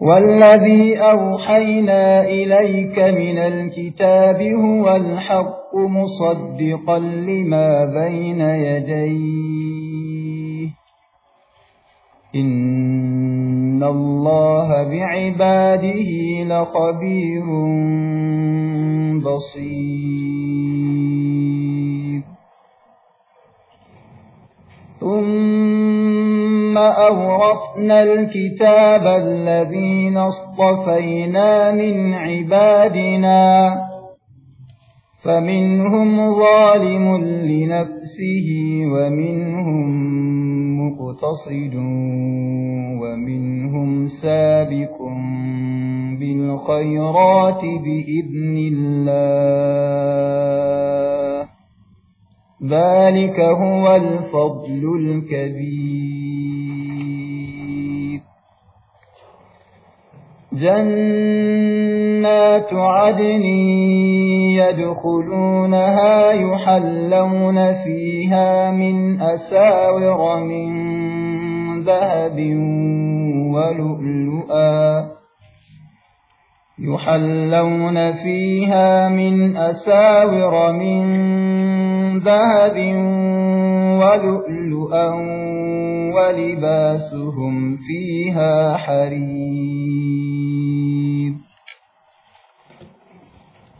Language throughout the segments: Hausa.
والذي أوحينا إليك من الكتاب هو الحق مصدقا لما بين يديه إن الله بعباده لقبير بصير ثم أورثنا الكتاب الذين اصطفينا من عبادنا فمنهم ظالم لنفسه ومنهم مقتصد ومنهم سابق بالخيرات بإذن الله ذلك هو الفضل الكبير جنات عدن يدخلونها يحلون فيها من أساور من ذهب ولؤلؤا يحلون فيها من أساور من ذهب ولؤلؤا ولباسهم فيها حرير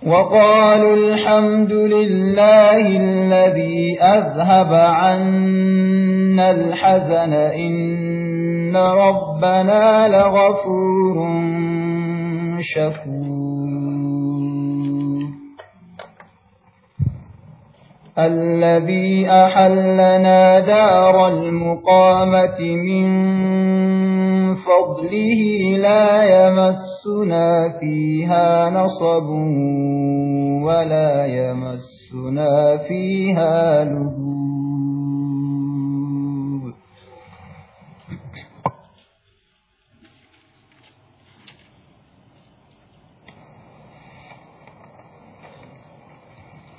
وقالوا الحمد لله الذي أذهب عنا الحزن إن ربنا لغفور شكور الذي أحلنا دار المقامة من فضله لا يمسنا فيها نصب ولا يمسنا فيها لبوب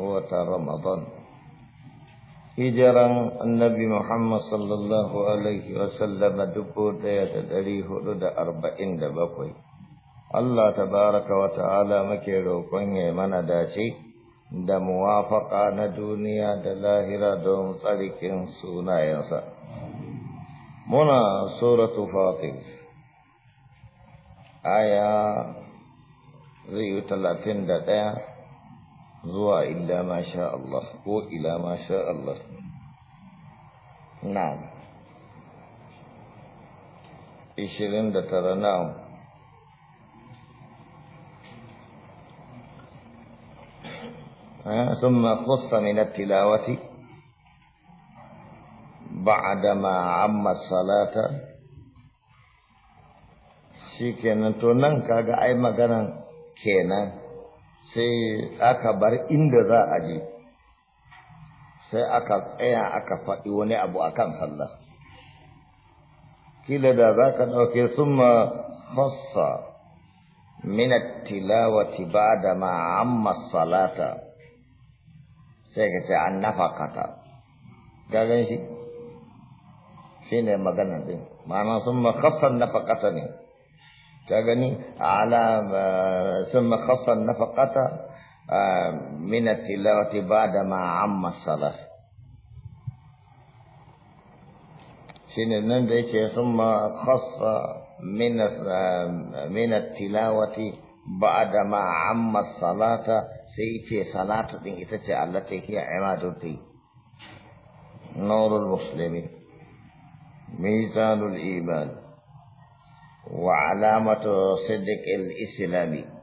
wata Ramadan. Hijiran Annabi Muhammad sallallahu Alaihi wasallam dubu ɗaya da ɗari hudu da arba'in da bakwai. Allah tabaraka wa ta'ala muke roƙon ya mana dace da muwafaƙa na duniya da lahira don tsarkin sunayensa. Muna suratu Fatih. aya zai yi talatin da ɗaya. zuwa illa ma sha Allah ko ila ma sha Allah na'am 29 na'am ثم قص من التلاوة بعدما عم الصلاة شيء كنا تنن كاغا أي مكان كنا sai aka bar inda za a je sai aka tsaya aka faɗi wani abu akan sallah kila da za ka ɗauke sun ma fassa minat tilawati ba da ma'amma salata sai ka ce an nafakata shi shi ne maganar din ma'ana sun ma fassan nafakata ne شغني على آه، ثم خص النفقة آه، من التلاوة بعد ما عم الصلاة شين ننجي ثم خص من آه، من التلاوة بعد ما عم الصلاة سيتي صلاة تنجي التي هي عمادة نور المسلمين ميزان الإيمان وعلامة صدق الإسلام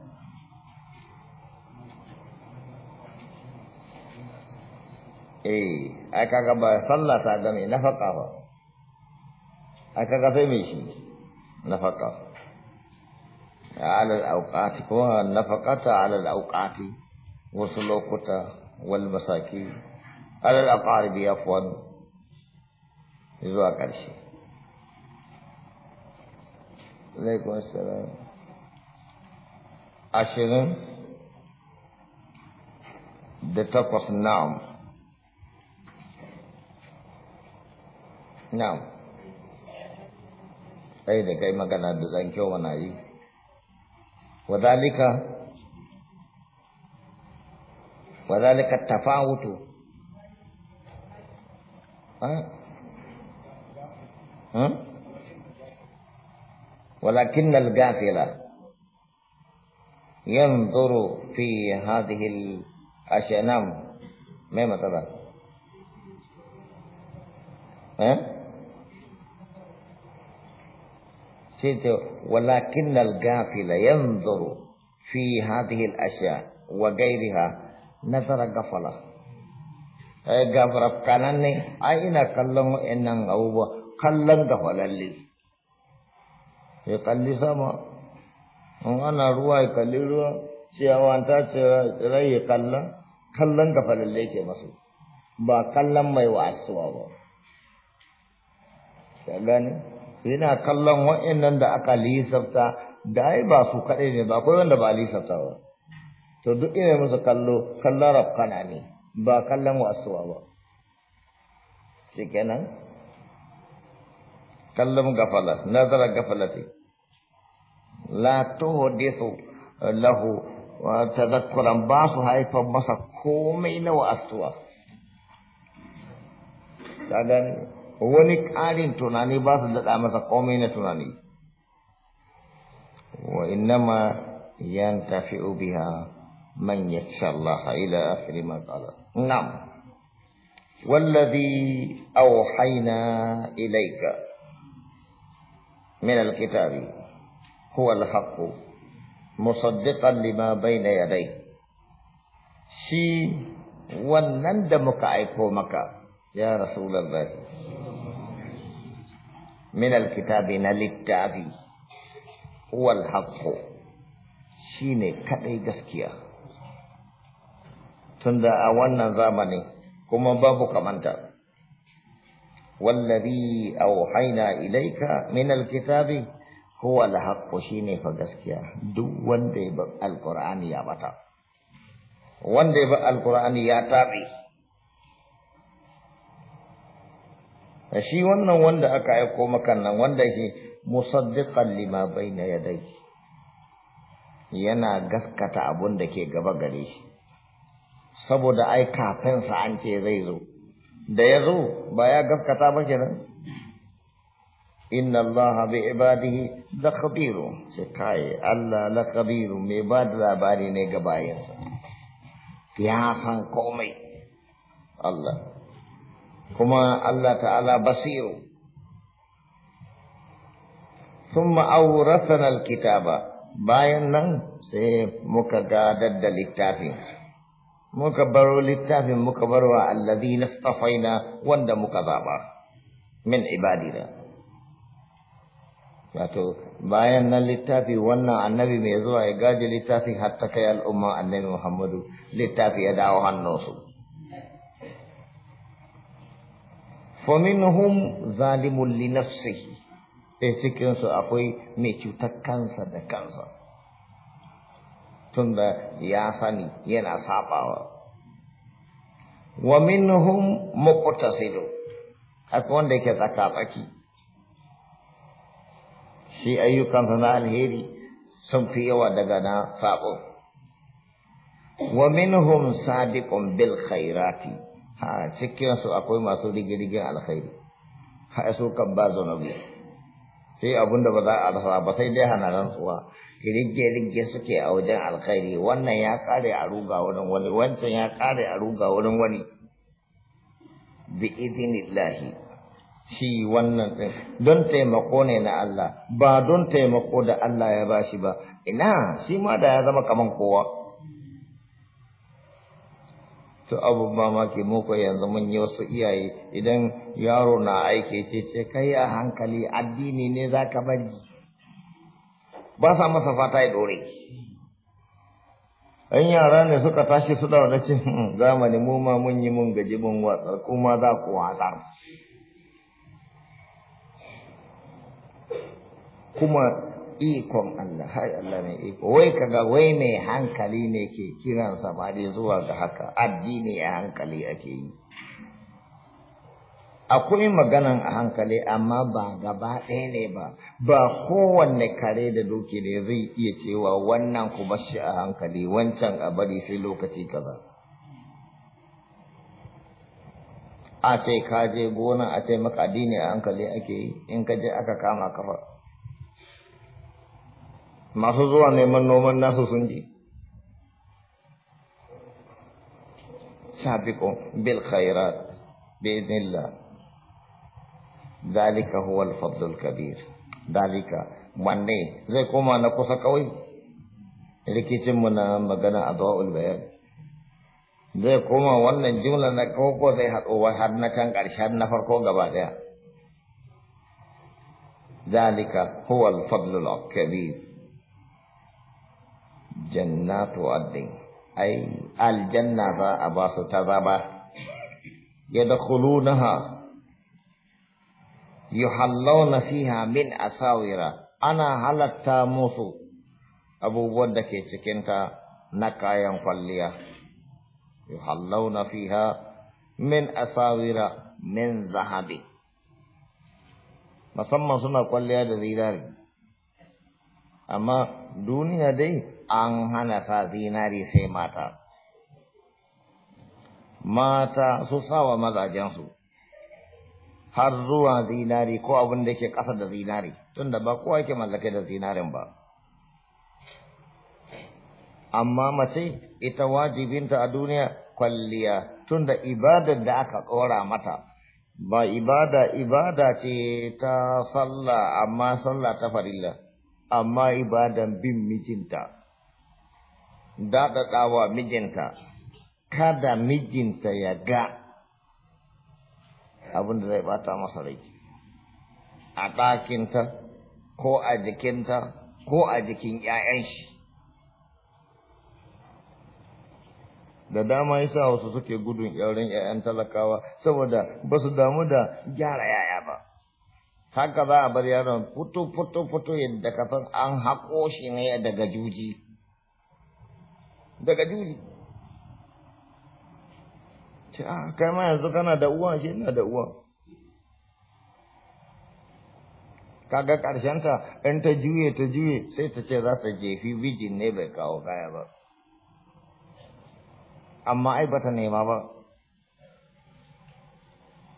eh aka ga ba sallah ta ga mai nafaka ba aka ga sai mai shi nafaka ala al-awqati ko nafaqata ala al wasu lokuta wal masaki zuwa ƙarshe alaikun salam ashirin da takwas na'am na'am ɗaya da kai magana da zan kyau wana yi wadalika wadalika tafawutu Huh? Huh? ولكن الغافل ينظر في هذه الأشنام ما مثلا ها ولكن الغافل ينظر في هذه الأشياء وغيرها نظر غفلة غفر كانني أين كلهم إنهم أو كلم غفلة لي ya kalli sama in ana ruwa ya kalli ruwa ciyawa ta tsirai ya kalla kallon ga falalle ke masu ba kallon mai wasuwa ba ka gani? yana kallon wa'annan da aka lisafta da ai ba su kaɗai ne ba akwai wanda ba lisafta ba to duk ina musu kallo kallon rafkana ne ba kallon wasuwa ba shi kenan kallon gafala nazara gafalati لا تهدث له وتذكرا بعضها فمسا كومين واسوا لأن ونك آلين تناني بعض الذات أمسا كومين تناني وإنما ينتفئ بها من يخشى الله إلى آخر ما قال نعم والذي أوحينا إليك من الكتاب هو الحق musaddiqan lima baina yadayhi shi wannan da muka aiko maka ya rasulullahi min alkitabi na littafi huwal haqqu shine kadai gaskiya tunda a wannan zamani kuma babu kamanta والذي أوحينا إليك من الكتاب huwa al shi shine fa gaskiya duk wanda ya bar alqur'ani ya bata wanda ya bar alqur'ani ya tabi shi wannan wanda aka aiko maka nan wanda yake musaddiqan lima bayna yadayhi yana gaskata abun da ke gaba gare shi saboda ai kafinsa an ce zai zo da ya zo ba ya gaskata ba kenan ان الله بعباده لخبير سكاي الله لخبير مباد لا باري نه گباي اس يا سان قومي الله كما الله تعالى بصير ثم اورثنا الكتاب باين نن سي مكا گادد دليتافي مكا برو لتافي الذين اصطفينا وند مكا من عبادنا wato bayan nan littafi wannan annabi mai zuwa ya gaji littafi har ta kai al'umma annabi Muhammadu littafi ya dawo hannunsu faminhum zalimun linafsi nafsihi cikinsu akwai mai cutar kansa da kansa tunda ya sani yana sabawa wa minhum muqtasidu akwai wanda yake tsaka tsaki shi ayyukansa na alheri sun fi yawa daga na sabo wa minhum sadiqun bil khairati ha cikin su akwai masu rigirgin alkhairi ha su kan ba nabi sai abunda ba za a rasa ba sai dai hana rantsuwa rigge suke a wajen alkhairi wannan ya kare a ruga wurin wani wancan ya kare a ruga wurin wani bi idinillahi shi wannan ɗin don taimako ne na Allah ba don taimako da Allah ya ba shi ba ina shi ma da ya zama kaman kowa to abu mamaki muku yanzu mun yi wasu iyaye idan yaro na aiki ce ce kai a hankali addini ne za ka bari ba sa masa fata ya ɗore ɗan yara ne suka tashi su da cin hmm, zamani mu ma mun yi mun gaji mun watsar kuma za ku watsar kuma ikon Allah hai Allah mai iko wai kaga wai mai hankali ne ke kiran samari zuwa ga haka addini a hankali ake yi akwai maganan a hankali amma ba gaba ɗaya ne ba ba kowanne kare da doki ne zai iya cewa wannan kuma bashi a hankali wancan a bari sai lokaci kaza a ce ka je gona a ce maka addini a hankali ake yi in ka je aka kama kafa masu zuwa neman noman nasu sun ji sabiqu bil khairat bi'idhnillah dhalika huwa al-fadlul kabir dhalika wanne zai koma na kusa kawai rikicin mu na magana adwaul bayan zai koma wannan jumla na koko zai haɗo har na can ƙarshen na farko gaba ɗaya ذلك هو الفضل الكبير jannatu addin ai aljanna za a ba su ta zaba yadkhulunaha yuhallawna fiha min asawira ana halatta musu abubuwan da ke cikinta na kayan kwalliya yuhallawna fiha min asawira min zahabi musamman suna kwalliya da zinari amma duniya dai an hana sa zinari sai mata mata su sawa mazajensu har zuwa zinari ko abin da ke ƙasa da zinari tunda ba kowa ke mallake da zinarin ba amma mace ita wajibinta a duniya kwalliya tunda ibadar da aka tsora mata ba ibada ibada ce ta sallah amma sallah ta farilla amma ibadan bin mijinta daɗaɗawa mijinta kada mijinta ya ga abin da zai bata masa rai a ɗakinta ko a jikinta ko a jikin ‘ya'yan shi da dama yasa wasu suke gudun yaurin ‘ya'yan talakawa saboda ba su damu da gyara ‘ya'ya ba haka za a bar yaron fito fito fito yadda kasan an haƙo shi ne daga juji. daga juri. ce a ah, kai ma yanzu kana da uwa shi ina da uwa kaga ta in ta juye ta juye sai ta ce za ta jefi bijin ne bai kawo kaya ba amma ai bata nema ba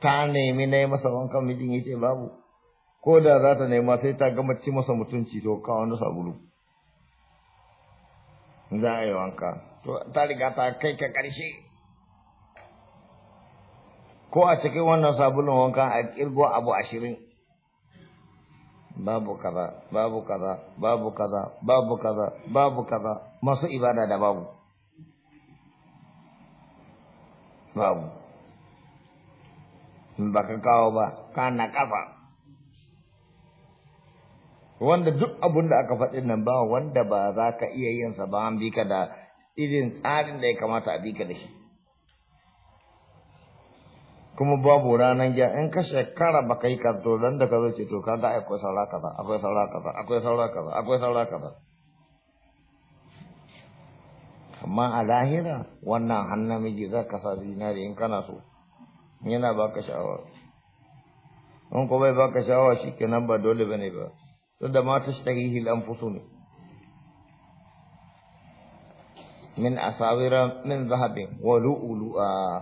ta nemi na yi masa wankan mijin ya ce babu ko da za ta nema sai ta gama ci masa mutunci to kawo wani sabulu za a yi wanka to ta riga ta kai ka ƙarshe ko a cikin wannan sabulun wanka a kirgo abu ashirin babu kaza babu kaza babu kaza babu kaza babu kaza masu ibada da babu babu baka kawo ba kana kafa wanda duk abun da aka faɗi nan ba wanda ba za ka iya yin sa ba an bi ka da irin tsarin da ya kamata a bi ka da shi kuma babu ranar gya in ka shekara ba ka to dan don da ka zo ce to ka ga akwai saura ka ba akwai saura ka ba akwai saura ka ba akwai saura ka ba amma a lahira wannan hannun miji za ka sa zinari in kana so yana baka sha'awa in ko bai baka sha'awa shi nan ba dole bane ba ثم ما تشتهيه الانفسون من اساور من ذهب ولؤلؤا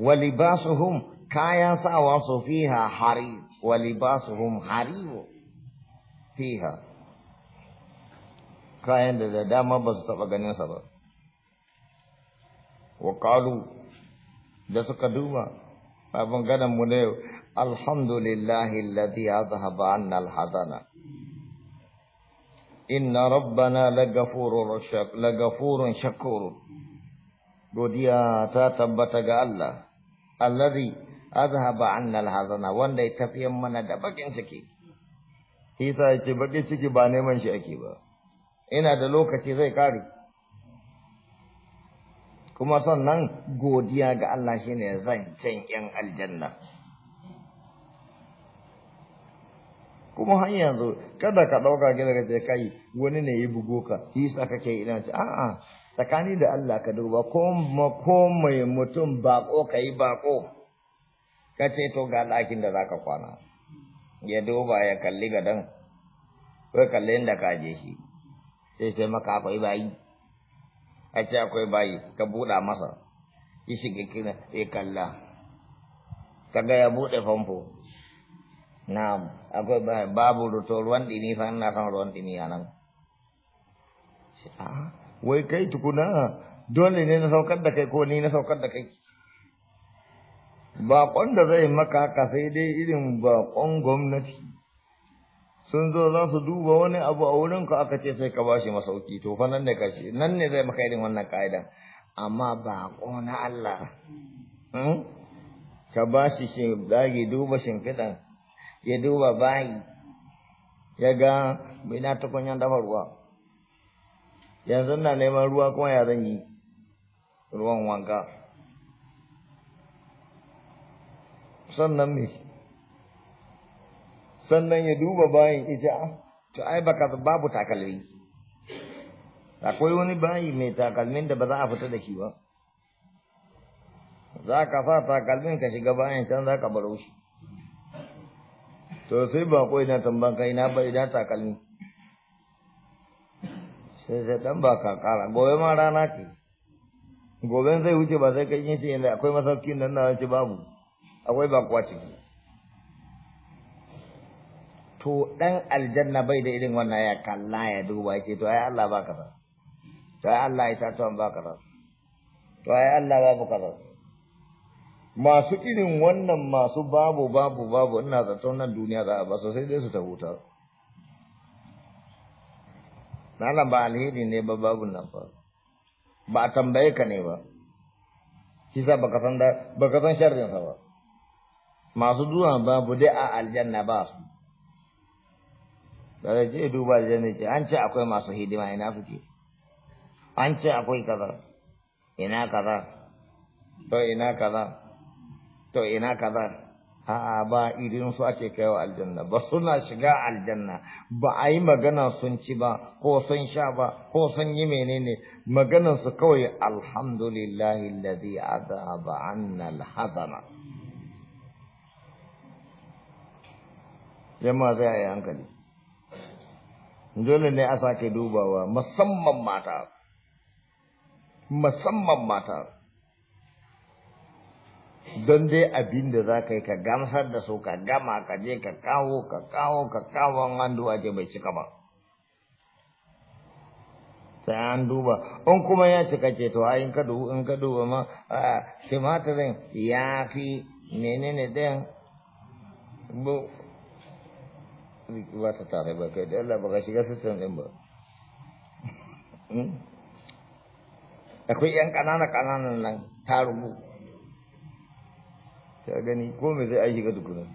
ولباسهم كايا سواص فيها حرير ولباسهم حرير فيها كايا دام بس تبغني سبب وقالوا da suka duba abin gadon mu na yau الحمد لله الذي أذهب عنا الحزن إن ربنا لغفور شك لغفور شكور godiya ta tabbata ga Allah allazi azhaba anna hazana, wanda ya tafiyan mana da bakin ciki Isa yace bakin ciki ba neman shi ake ba ina da lokaci zai kare kuma sannan godiya ga Allah shine can yan aljanna kuma har yanzu kada ka ɗauka gida ka kai wani ne ya bugo ka sa kake ina ce a'a tsakani da Allah ka duba ko ko mai mutum bako kai bako ka ce to ga ɗakin da zaka kwana ya duba ya kalli gadan ko kalli inda ka je shi sai sai maka akwai bayi a ce akwai bayi ka buɗa masa shi shiga kina ya kalla kaga ya buɗe famfo na'am akwai eh, babu ruto ruwan dimi fa ina son ruwan dimi a nan ah, wai kai tukuna dole ne na saukar da kai ko ni na saukar da kai baƙon da zai maka haka sai dai irin baƙon gwamnati sun zo za su duba wani abu a wurin ka aka ce sai ka bashi masauki to fa nan ne ka shi? nan ne zai maka irin wannan kaida. amma baƙo na Allah hmm? ka bashi shi dage duba kidan ya duba bayi ya ga ta tukunyan dafa ruwa yanzu na neman ruwa kuma ya zan yi ruwan wanka sannan me sannan ya duba bayin ita to ai baka babu takalmi akwai wani bayi mai takalmin da ba za a fita da shi ba za ka sa takalmin ka shiga bayan can za ka baro shi to sai ba ko ina tamban kai na ba ina takalmi sai sai dan ba ka kara gobe ma rana ce goben zai wuce ba sai kai yin shi inda akwai masaukin nan na ce babu akwai ba bakuwa ciki to dan aljanna bai da irin wannan ya kalla ya duba yake to ai Allah baka ba to ai Allah ya ta to baka ba to ai Allah babu ba. masu irin wannan masu babu babu babu ina zaton nan duniya za a basu sai dai su ta huta nan ba alheri ne ba babu nan fa ba a tambaye ka ne ba shi sa ba san da san sharrin sa ba masu zuwa babu dai a aljanna ba su da je duba aljanna ce an ce akwai masu hidima ina suke an ce akwai kaza ina kaza to ina kaza to ina kaza a'a ba irin su ake kaiwa aljanna ba suna shiga aljanna ba a yi magana sun ci ba ko sun sha ba ko sun yi menene maganar su kawai alhamdulillahi ladhi azaba anna alhazana jama'a sai a yi hankali dole ne a sake dubawa musamman mata musamman mata don dai abin da za ka yi ka gamsar da su ka gama ka je ka kawo ka kawo ka kawo an duwa je bai cika ba sai an duba in kuma ya cika ce to in ka duba in ka duba ma timatirin ya fi menene bu ba ta tare ba kai da Allah ba ka shiga sistem din ba hmm? akwai 'yan ƙanana ƙananan nan ta rubu sai gani ko me zai aiki ga dukkanin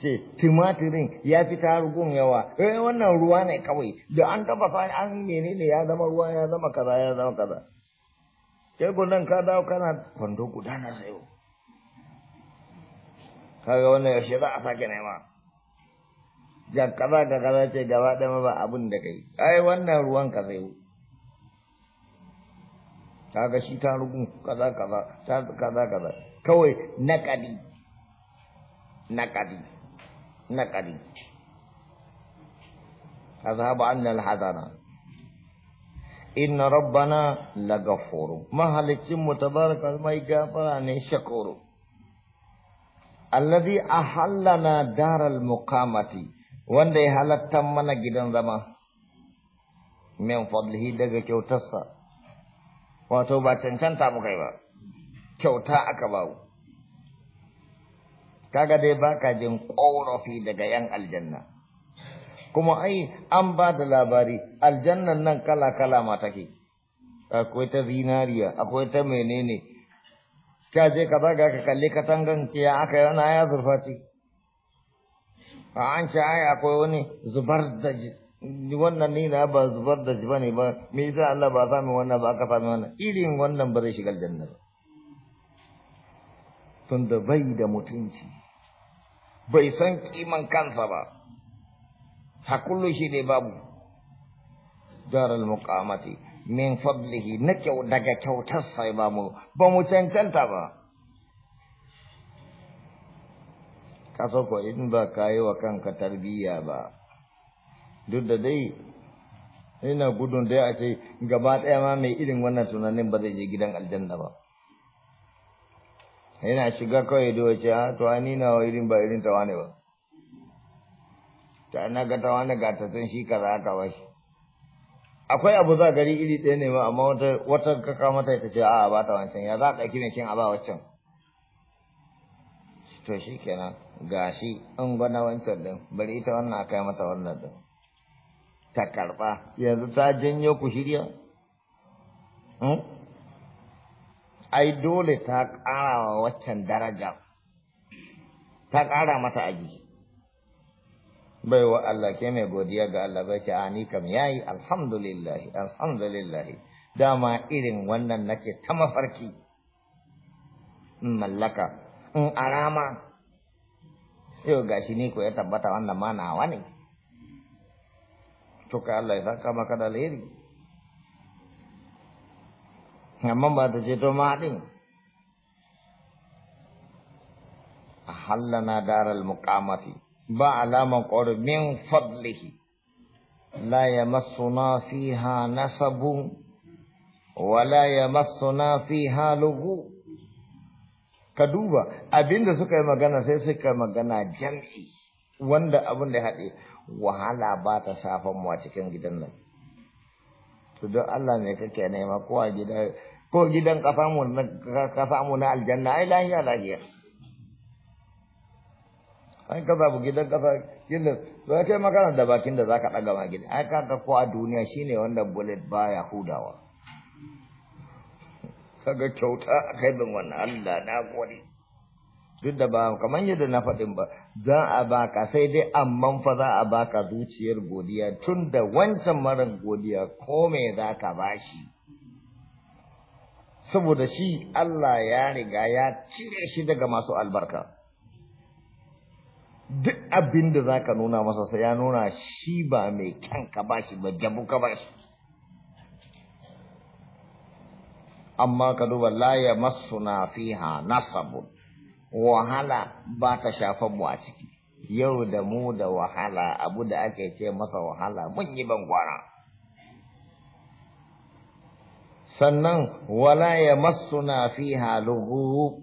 ce timatirin ya fi tarugun yawa eh wannan ruwa ne kawai da an tafasa an menene ya zama ruwa ya zama kaza ya zama kaza ke gudan ka dawo kana kwando guda na sayo kaga wannan yaushe za a sake nema ga kaza ga kaza ce gaba ɗaya ba abin da kai ai wannan ruwan ka sayo kaga shi tarugun kaza kaza kaza kaza kawai naƙadi naƙadi naƙadi azhaba anna hazana. inna rabbana lagafuru mahalicin mu tabaraka mai gafara ne shakuru alladhi ahallana daral muqamati wanda ya halatta mana gidan zama min fadlihi daga kyautarsa wato ba cancanta mu kai ba kyauta aka bawo kaga dai baka jin ƙorafi daga yan aljanna kuma ai an ba da labari aljannan nan kala-kala ma take akwai ta zinariya akwai ta menene ka je ka zaga ka kalli katangan kiya aka yana ya zurfa ce a an ce ai akwai wani zubar da wannan ni na ba zubar da ji bane ba me yasa Allah ba sami wannan ba aka sami wannan irin wannan ba zai shiga aljanna ba tunda bai da mutunci bai san kiman kansa ba hakullu shi ne babu daral muqamati min fadlihi na kyau daga kyautar sai ba mu ba mu cancanta ba kaso ko in ba ka yi wa kanka tarbiyya ba duk da dai ina gudun dai a ce gaba ɗaya ma mai irin wannan tunanin ba zai je gidan aljanna ba yana shiga kawai da wace ha ah, to ni wa irin ba irin tawa ba ta na ga tawani ga ta san shi kaza ka ba shi akwai abu za gari iri ɗaya ne ba amma wata wata ka mata ta ce a'a ah, ba ta wancan ya za ka ɗauki mai kin a ba waccan to shi kenan shi an gwana wancan din bari ita wannan akai mata wannan din ta karɓa. yanzu ta janyo ku shirya hmm? ai dole ta ƙara wa waccan daraja ta ƙara mata aji bai wa Allah ke mai godiya ga Allah bai ce ani kam yayi alhamdulillah alhamdulillah dama irin wannan nake ta mafarki in mallaka in arama yau gashi ni ko ya tabbata wannan ma nawa ne to ka Allah ya saka maka da alheri amma ba ta ce to ma din ahallana daral muqamati ba alaman qawli min fadlihi la yamassuna fiha nasabun wala yamassuna fiha lugu ka duba abinda suka yi magana sai suka magana jam'i wanda abun da haɗe wahala ba ta safan mu a gidan nan to Allah ne kake nema ko a gida ko gidan ka samu na aljanna ai lahiya lahiya an ka babu gidan kafa kinda za ka magana da bakin da za ka ma gida ai ka ko a duniya shine wanda bullet baya hudawa kaga kyauta a kai bin wannan Allah na gode duk da ba kamar yadda na faɗin ba za a baka sai dai amman fa za a baka zuciyar godiya tun da wancan marar godiya ko me za ka bashi saboda shi Allah ya riga ya cire shi daga masu albarka duk abin da zaka nuna masa sai ya nuna shi ba mai kyan ka bashi ba jabu ka shi. amma ka duba la ya masuna fiha nasabun wahala ba ta shafa mu a ciki yau da mu da wahala abu da ake ce masa wahala mun yi bangwara sannan wala ya massuna fi lughub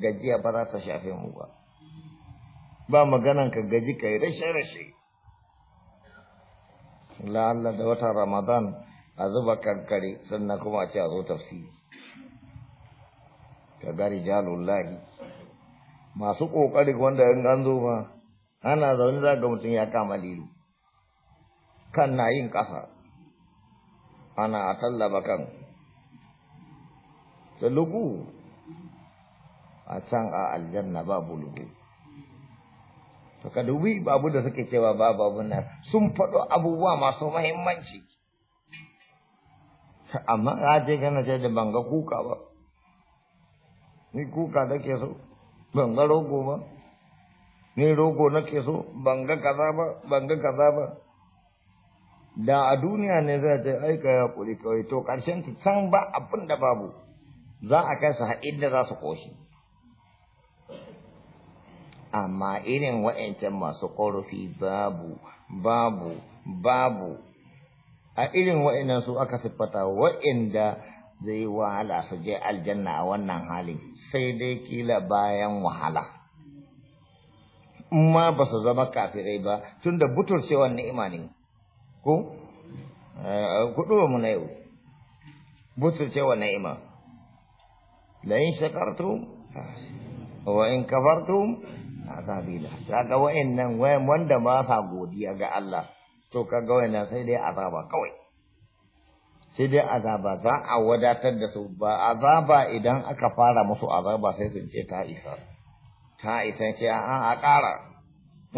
gajiya ba za ta shafe mu ba ba maganan ka gaji kai rashe rashe la'alla da watan ramadan a zuba kankare sannan kuma a ce a zo tafsiri ka gari jalullahi masu kokari wanda in an zo ba ana zaune za ga mutum ya kama lilu kan na yin ƙasa ana tallaba kan da lugu a can a aljanna babu lugu to ka dubi babu da suke cewa babu abun nan sun faɗo abubuwa masu mahimmanci amma ka je kana ce da banga kuka ba ni kuka da ke so banga rogo ba ni rogo nake so banga kaza ba banga kaza ba da a duniya ne za ta aika ya kuri kawai to ƙarshen ta can ba abin da babu za a kai su haɗin da za su koshi amma irin wa'ancan masu ƙorafi babu babu babu a irin wa'annan su aka siffata wa'anda zai wahala su je aljanna a wannan halin sai dai kila bayan wahala ma ba su zama kafirai ba tunda buturcewar ni'ima ne ko eh, kudu mu na yau butulcewa ni'ima la in shakartu ah, wa in azabi la kaga wa'annan wayan wanda ba sa godiya ga Allah to kaga wa'annan sai dai azaba kawai sai dai azaba za a wadatar da su ba azaba idan aka fara musu azaba sai sun ce ta isa ta isa ce a a ƙara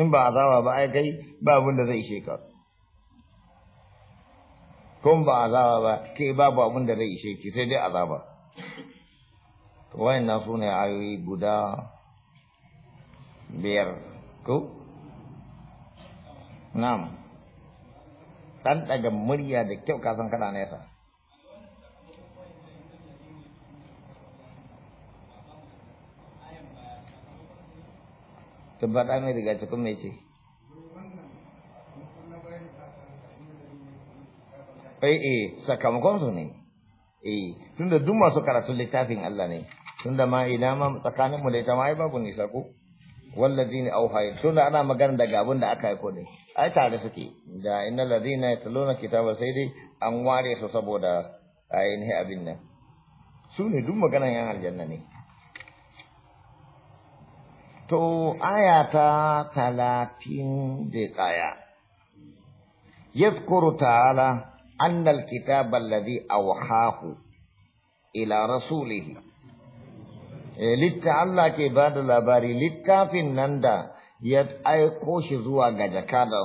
in ba azaba ba ai kai ba abin da zai shekaru kun ba azaba ba ke babu abin da zai ishe ki sai dai azaba to wayannan su ne ayoyi guda biyar ko na'am dan daga murya da kyau ka san kana nesa tabbata mai riga cikin mai ce Eh, eh sakamakon su ne eh tunda duk masu karatun littafin Allah ne tunda ma ina ma tsakanin mu da ita ma ai babu nisa ko walladina auhayna tunda ana magana daga abin da aka yi ko ne ai tare suke da innal ladina yatluna kitaba sai dai an ware su saboda ainihin abin nan su ne duk maganan yan aljanna ne To, aya ta talatin da ƙaya, Yaskuru ta'ala, أن الكتاب الذي أوحاه إلى رسوله لتعالله كباد الأباري لتكافي نندا يتأي قوش زوا جاكادا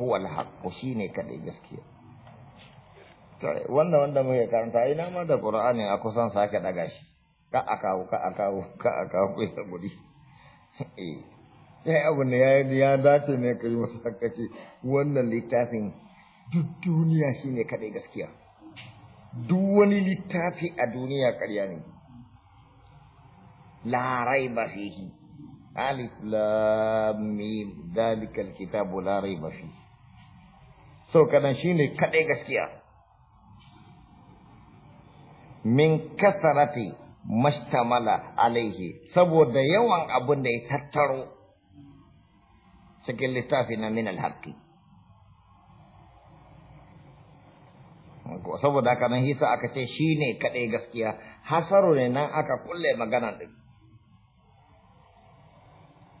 هو الحق شيني كده جسكيه wannan wanda muke karanta ina ma da Qur'ani a kusan sake daga shi ka a ka a ka a kawo ku ta eh sai abu ne ya ya dace ne kai masa kace wannan littafin duk duniya shi ne kaɗai gaskiya duk wani littafi a duniya ƙarya ne larai ba fihi alif lam dalikal kitabu larai ba fi so kanan shi ne kaɗai gaskiya min kasarati mashtamala alaihi saboda yawan abin da ya tattaro cikin littafi na min alhaƙi saboda haka nan hisa aka ce shi ne kaɗai gaskiya hasaru ne nan aka kulle magana ɗin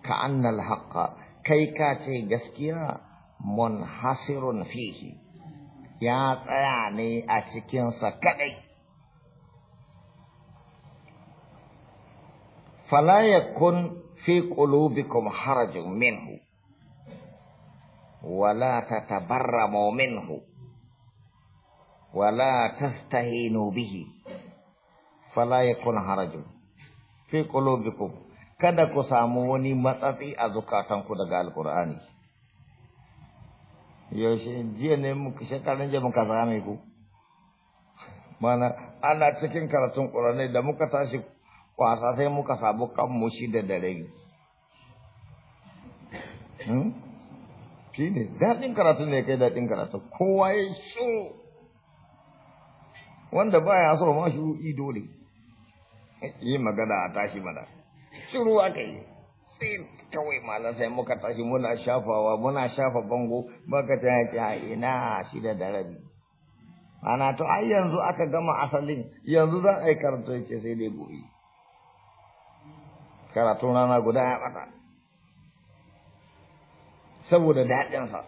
ka annal haƙa kai ka ce gaskiya Mun hasirun fihi ya tsaya ne a cikinsa kaɗai fala kun fi kuma harajin minhu wala ta tatabarramu minhu ولا تستهينوا به فلا يكون حرج في قلوبكم kada ku samu wani matsatsi a zukatanku daga alkur'ani yaushe jiya ne muka shekarun jiya muka same ku mana ana cikin karatun qur'ani da muka tashi kwasa sai muka kan mu shi da dare hmm? shi ne daɗin karatu ne kai daɗin karatu kowa ya shi wanda ba ya so ma ruɗi dole yi magana a tashi mana shiru aka yi sai kawai malam sai muka tashi muna shafawa muna shafa bango baka ta yake ina shi da darabi. ana to ai yanzu aka gama asalin yanzu zan ai karatu yace sai dai gobe karatu na guda ya bata saboda daɗinsa. sa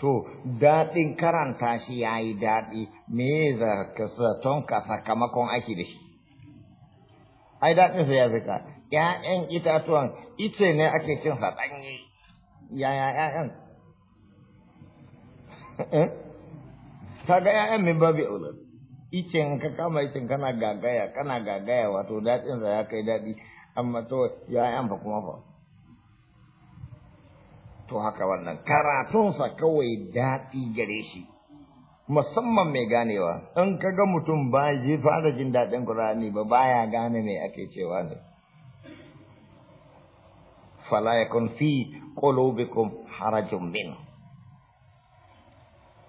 to daɗin karanta shi ya yi daɗi me zaton ka sakamakon aiki da shi ai daɗinsa ya zika ‘ya'yan itatuwan ice ne ake cin sa ɗanye yaya ‘ya'yan eh? ga ‘ya'yan min babu Ice icen ka kama icen kana gagaya kana gagaya wato daɗinsa ya kai daɗi amma to ‘ya'yan fa kuma fa to haka wannan karatunsa kawai daɗi gare shi musamman mai ganewa in ka ga mutum ba ji fara jin daɗin kur'ani ba baya gane mai ake cewa ne fala fi qulubikum harajun min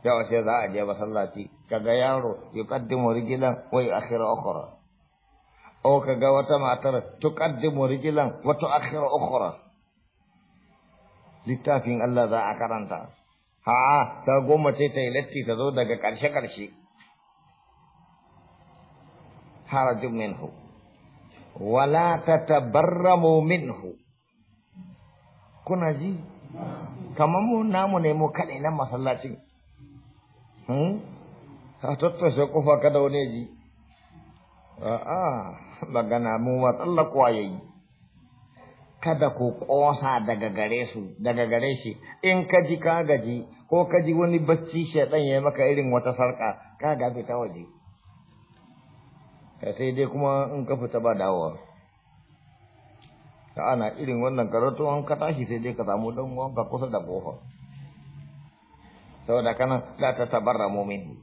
ya wace za a je masallaci ga yaro wai a wa yu'akhiru ukhra o ga wata matar tuqaddimu wata wa tu'akhiru ukhra littafin Allah za a karanta a'a ta goma ce ta latti ta zo daga ƙarshe ƙarshe Harajin minhu wala ta tatabarramu minhu kuna ji kamar mu namu ne mu kaɗai nan masallacin hmm? a tattashe kufa kada wani ji a'a magana mu matsallakuwa ya yi kada ku ƙosa daga gare su daga gare shi in ka ji ka gaji ko ka ji wani bacci shaɗan ya maka irin wata sarka ka ga fita waje sai dai kuma in ka fita ba dawowa ta ana irin wannan karatu an ka tashi sai dai ka samu don wanka kusa da kofa saboda kana la ta tabarra mu'min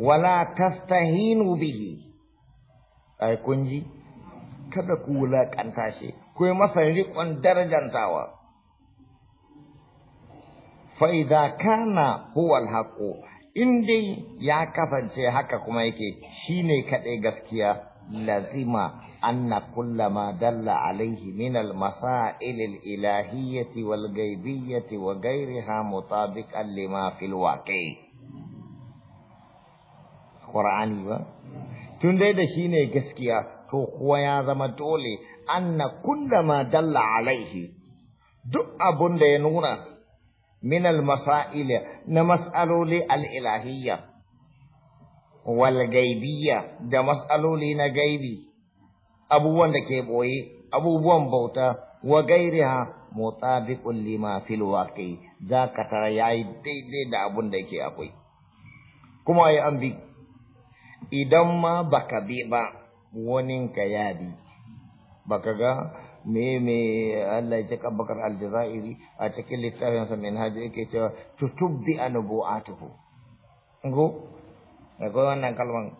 wala tastahinu bihi ai kunji kada ku wulakanta shi akwai masa riƙon darajantawa fa'ida kana huwal haƙo in dai ya kasance haka kuma yake shine kaɗai gaskiya lazima anna ma dalla alaihi min al-masail al-ilahiyyati wal ghaibiyyati wa ghayriha mutabiqan lima fil waqi qur'ani ba tun dai da shine gaskiya to kuwa ya zama dole anna ma dalla alaihi duk abun da ya nuna min al na mas'aloli al-ilahiyya wal gaibiyya da mas'aloli na gaibi abubuwan da ke boye abubuwan bauta wa gairiha mutabiqun lima fil waqi za ka tara yayi daidai da abun da yake akwai kuma ya an bi idan ma baka bi ba ka ya bi baka ga me me Allah ya cika bakar aljazairi a cikin littafin sa min haji yake cewa bi anbu'atuhu ngo akwai wannan kalman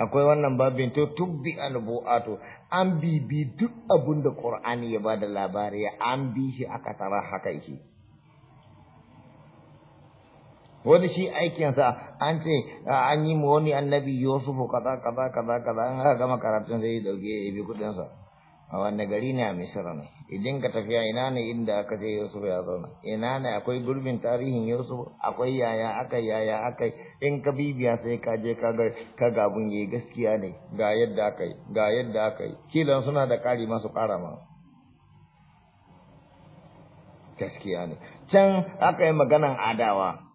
akwai wannan babin tutubbi anbu'atu an bibi duk abun da qur'ani ya bada labari an bi shi aka tara haka shi wani shi aikinsa an ce an yi wani annabi yusufu kaza kaza kaza kaza an gama karatun zai dauke ya bi kudinsa a wanne gari ne a misira ne idan ka tafiya ina ne inda aka je yusuf ya zauna ina ne akwai gurbin tarihin yusuf akwai yaya aka yaya aka in ka bibiya sai ka je ka ga ka gabun yi gaskiya ne ga yadda aka ga yadda aka kilan suna da kari masu kara ma gaskiya ne can aka yi maganan adawa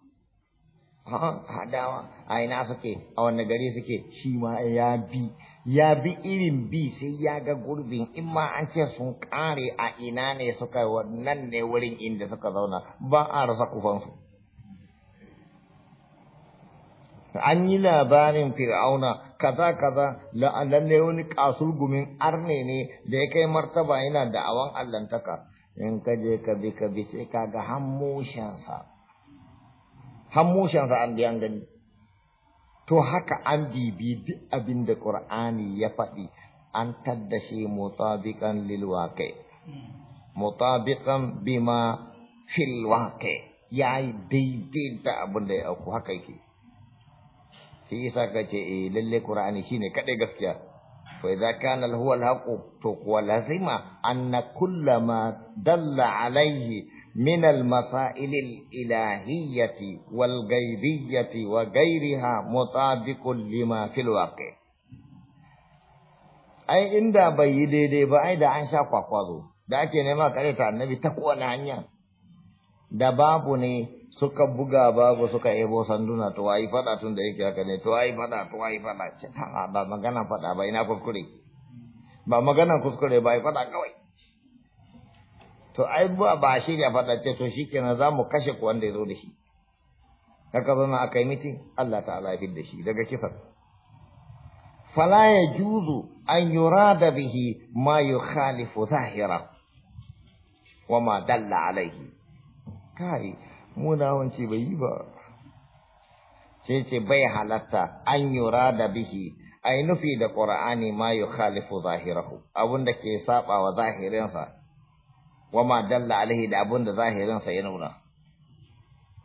Ha, adawa a ina suke a wanne gari suke shi ma ya bi ya bi irin bi sai ya ga gurbin in ma an ce sun kare a ina ne suka wannan ne wurin inda suka zauna ba a rasa kufansu an yi labarin fir'auna kaza kaza la'alan ne wani kasurgumin arne ne da ya kai martaba yana da awan allantaka in ka je ka bi ka bi sai ka ga hammushansa hammushansa an biyan gani to haka an bibi duk abin da qur'ani ya faɗi an taddashe mutabiqan lil waqi mutabiqan bima fil waqi yayi daidai da abin da ya ku haka yake shi yasa kace eh lalle qur'ani shine kadai gaskiya fa idza kana huwa al-haqq to kuwa lazima anna kullama dalla alayhi من المسائل الإلهية والغيبية وغيرها مطابق لما bai yi daidai ba ai da an sha بأي دا عن شاقا قاضو دا أكي نما قريت عن نبي تقوى نعنيا دا بابني suka buga babu suka ebo sanduna to ai fada tun da yake haka ne to ai fada to ai fada ce ba magana fada ba ina kuskure ba magana kuskure ba ai fada kawai to ai ba ba shi ya faɗa ce to shikenan za mu kashe ku wanda yazo da shi haka zo aka yi miti? Allah ta'ala ya da shi daga kisan fala ya juzu an yurada bihi ma yukhalifu zahira wa ma dalla alaihi kai mu da wance bai yi ba sai ce bai halatta an yurada bihi ai nufi da qur'ani ma yukhalifu zahirahu abun da ke saba wa zahirinsa wa ma dalla alaihi da abun da zahirin sa ya nuna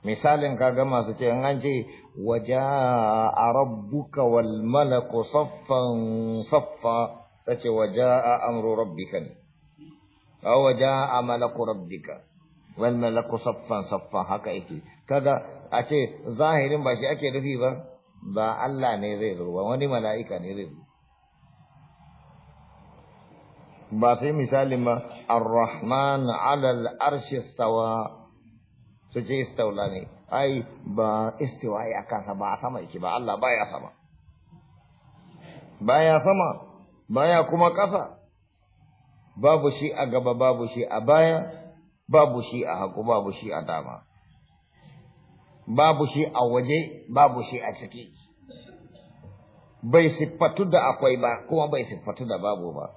misalin kaga masu ce an ce waja'a rabbuka wal malaku saffan saffa tace waja'a amru rabbika aw a malaku rabbika wal malaku saffan saffa haka yake kaga a ce zahirin ba shi ake nufi ba ba Allah ne zai zo wani mala'ika ne zai zo ba sai misali ma ar-rahman alal arshi stawa su ce istaula ne ai ba istiwa ya kansa ba a sama yake ba Allah ba ya sama ya sama ya kuma ƙasa babu shi a gaba babu shi a baya babu shi a haku babu shi a dama babu shi a waje babu shi a ciki bai siffatu da akwai ba kuma bai siffatu da babu ba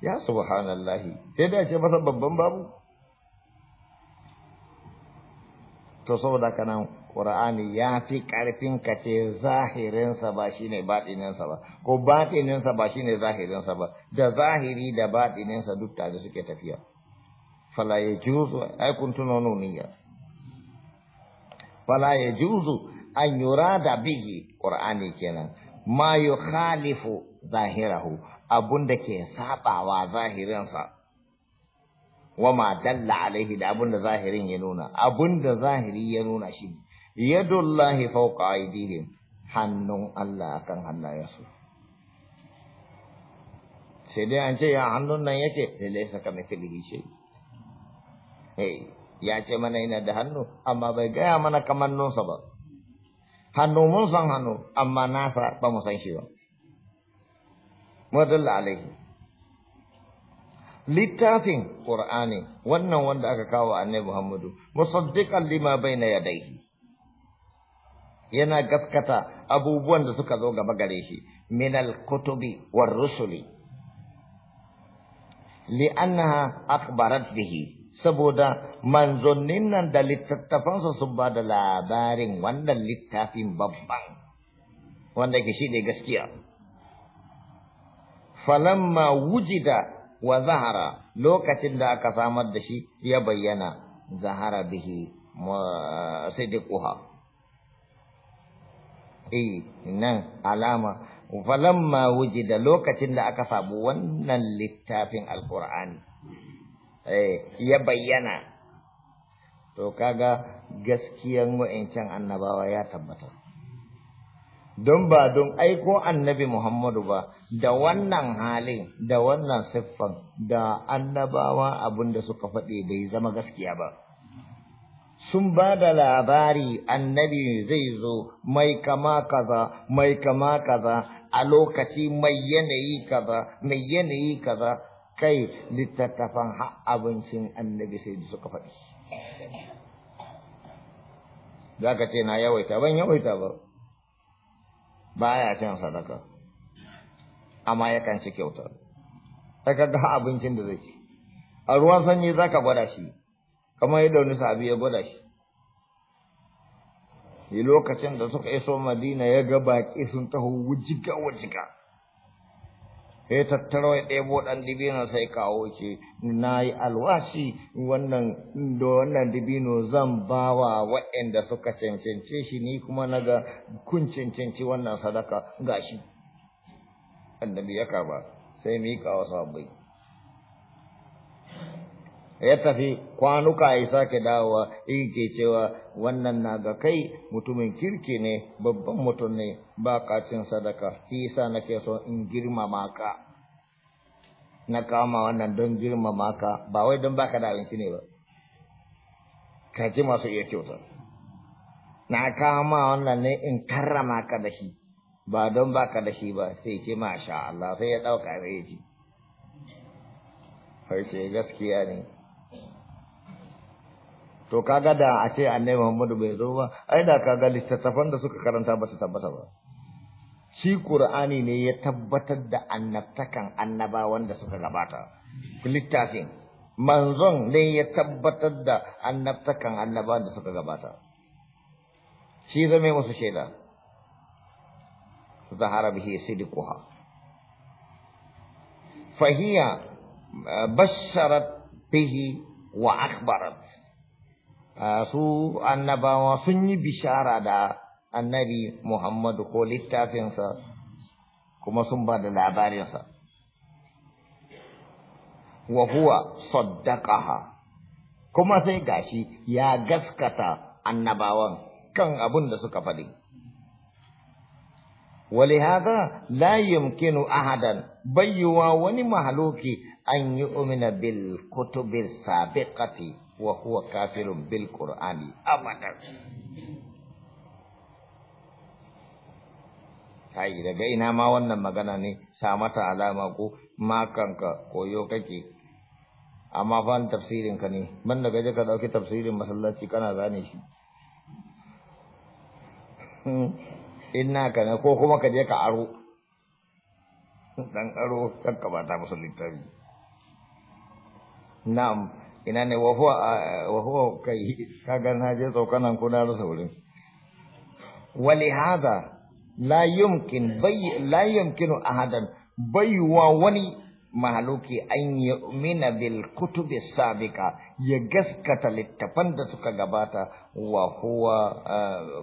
ya subhanallahi sai da ce masa babban babu to saboda kana Qur'ani ya fi ƙarfin ka ce zahirinsa ba shine baɗininsa ba ko baɗininsa ba shine zahirinsa ba da zahiri da baɗininsa duk tare suke tafiya fala yajuzu ay kuntu nununiya fala yajuzu an yurada bihi Qur'ani kenan ma yukhalifu zahirahu abun da ke sabawa zahirinsa wa ma dalla alaihi da abun da zahirin ya nuna abun da zahiri ya nuna shi yadullahi fawqa aydihim hannun Allah akan hannayensu sai dai an ce ya hannun nan yake sai saka mai filihi shi eh, ya ce mana yana da hannu amma bai gaya mana kamar nunsa ba hannu mun san hannu amma nasa ba mu san shi ba madalla alaihi littafin qur'ani wannan wanda aka kawo annabi muhammadu musaddiqan lima baina yadayhi yana gaskata abubuwan da suka zo gaba gare shi min al-kutubi war rusuli li'annaha akhbarat bihi saboda manzonnin nan da littattafansu sun ba da labarin wannan littafin babban wanda ke shi ne gaskiya falamma wujida wa zahara lokacin da aka samar da shi ya bayyana zahara bihi siddiquha eh nan alama falamma wujida lokacin da aka samu wannan littafin alqur'ani eh ya bayyana to kaga gaskiyan wa'ancan annabawa ya tabbatar. don ba don aiko annabi Muhammadu ba da wannan halin da wannan siffan da annabawa abin da suka faɗi bai zama gaskiya ba sun ba da labari annabi zai zo mai kama kaza mai kama kaza a lokaci mai yanayi kaza mai yanayi kaza kai littattafan abincin annabi sai da suka faɗi za ka ce na yawaita ban yawaita ba baya cin sadaka amma yakan ci kyauta sai ka ga abincin da zai ci a ruwan sanyi zaka gwada shi kamar yadda wani sabi ya gwada shi yi lokacin da suka iso madina ya ga baƙi sun taho wujiga wujiga ya tattaro ya ɗebo ɗan dibino sai kawo ce na yi alwashi wannan da wannan dibino zan ba wa waɗanda suka cancance shi ni kuma na ga kun cancanci wannan sadaka gashi annabi ya ba, sai mika wasu sahabbai ya tafi kwanuka ya sake dawowa in ke cewa wannan na ga kai mutumin kirki ne babban mutum ne ba kacin sadaka shi yasa nake so in girmama ka na kama wannan don girmama ka ba wai don baka da abinci ne ba ka masu iya kyauta na kama wannan ne in karrama ka da shi ba don baka da shi ba sai ke masha Allah sai ya ɗauka ya sai ce gaskiya ne to kaga da a ce annai Muhammadu bai zo ba ai da kaga littattafan da suka karanta ba su tabbata ba shi Qur'ani ne ya tabbatar da annabtakan annabawan da suka gabata littafin manzon ne ya tabbatar da annabtakan annabawan da suka gabata shi zame musu shaida zahara bihi sidquha fahiya eh, basharat bihi wa akhbarat Ah, su annabawa sun yi bishara da annabi Muhammadu ko littafinsa kuma sun ba da labarinsa. Wahuwa huwa saddaqaha kuma sai gashi ya gaskata annabawan kan abin da suka faɗi. ولهذا لا يمكن أحدا بيوا وني مهلوكي أن يؤمن بالكتب السابقة wa huwa kafirun bil qur'ani abadan kai daga ina ma wannan magana ne sa mata alama ko makanka koyo kake amma fa tafsirin ka ne ban daga je ka dauki tafsirin masallaci kana zane shi inna ka ne ko kuma ka je ka aro dan aro kakka ba ta musu littafi na'am ina ne wa kai ka na je tsokanan kuna da wurin wali hada la yumkin ahadan baiwa wani mahaluki an mina bil kutubi Sabika ya gaskata littafan da suka gabata wa huwa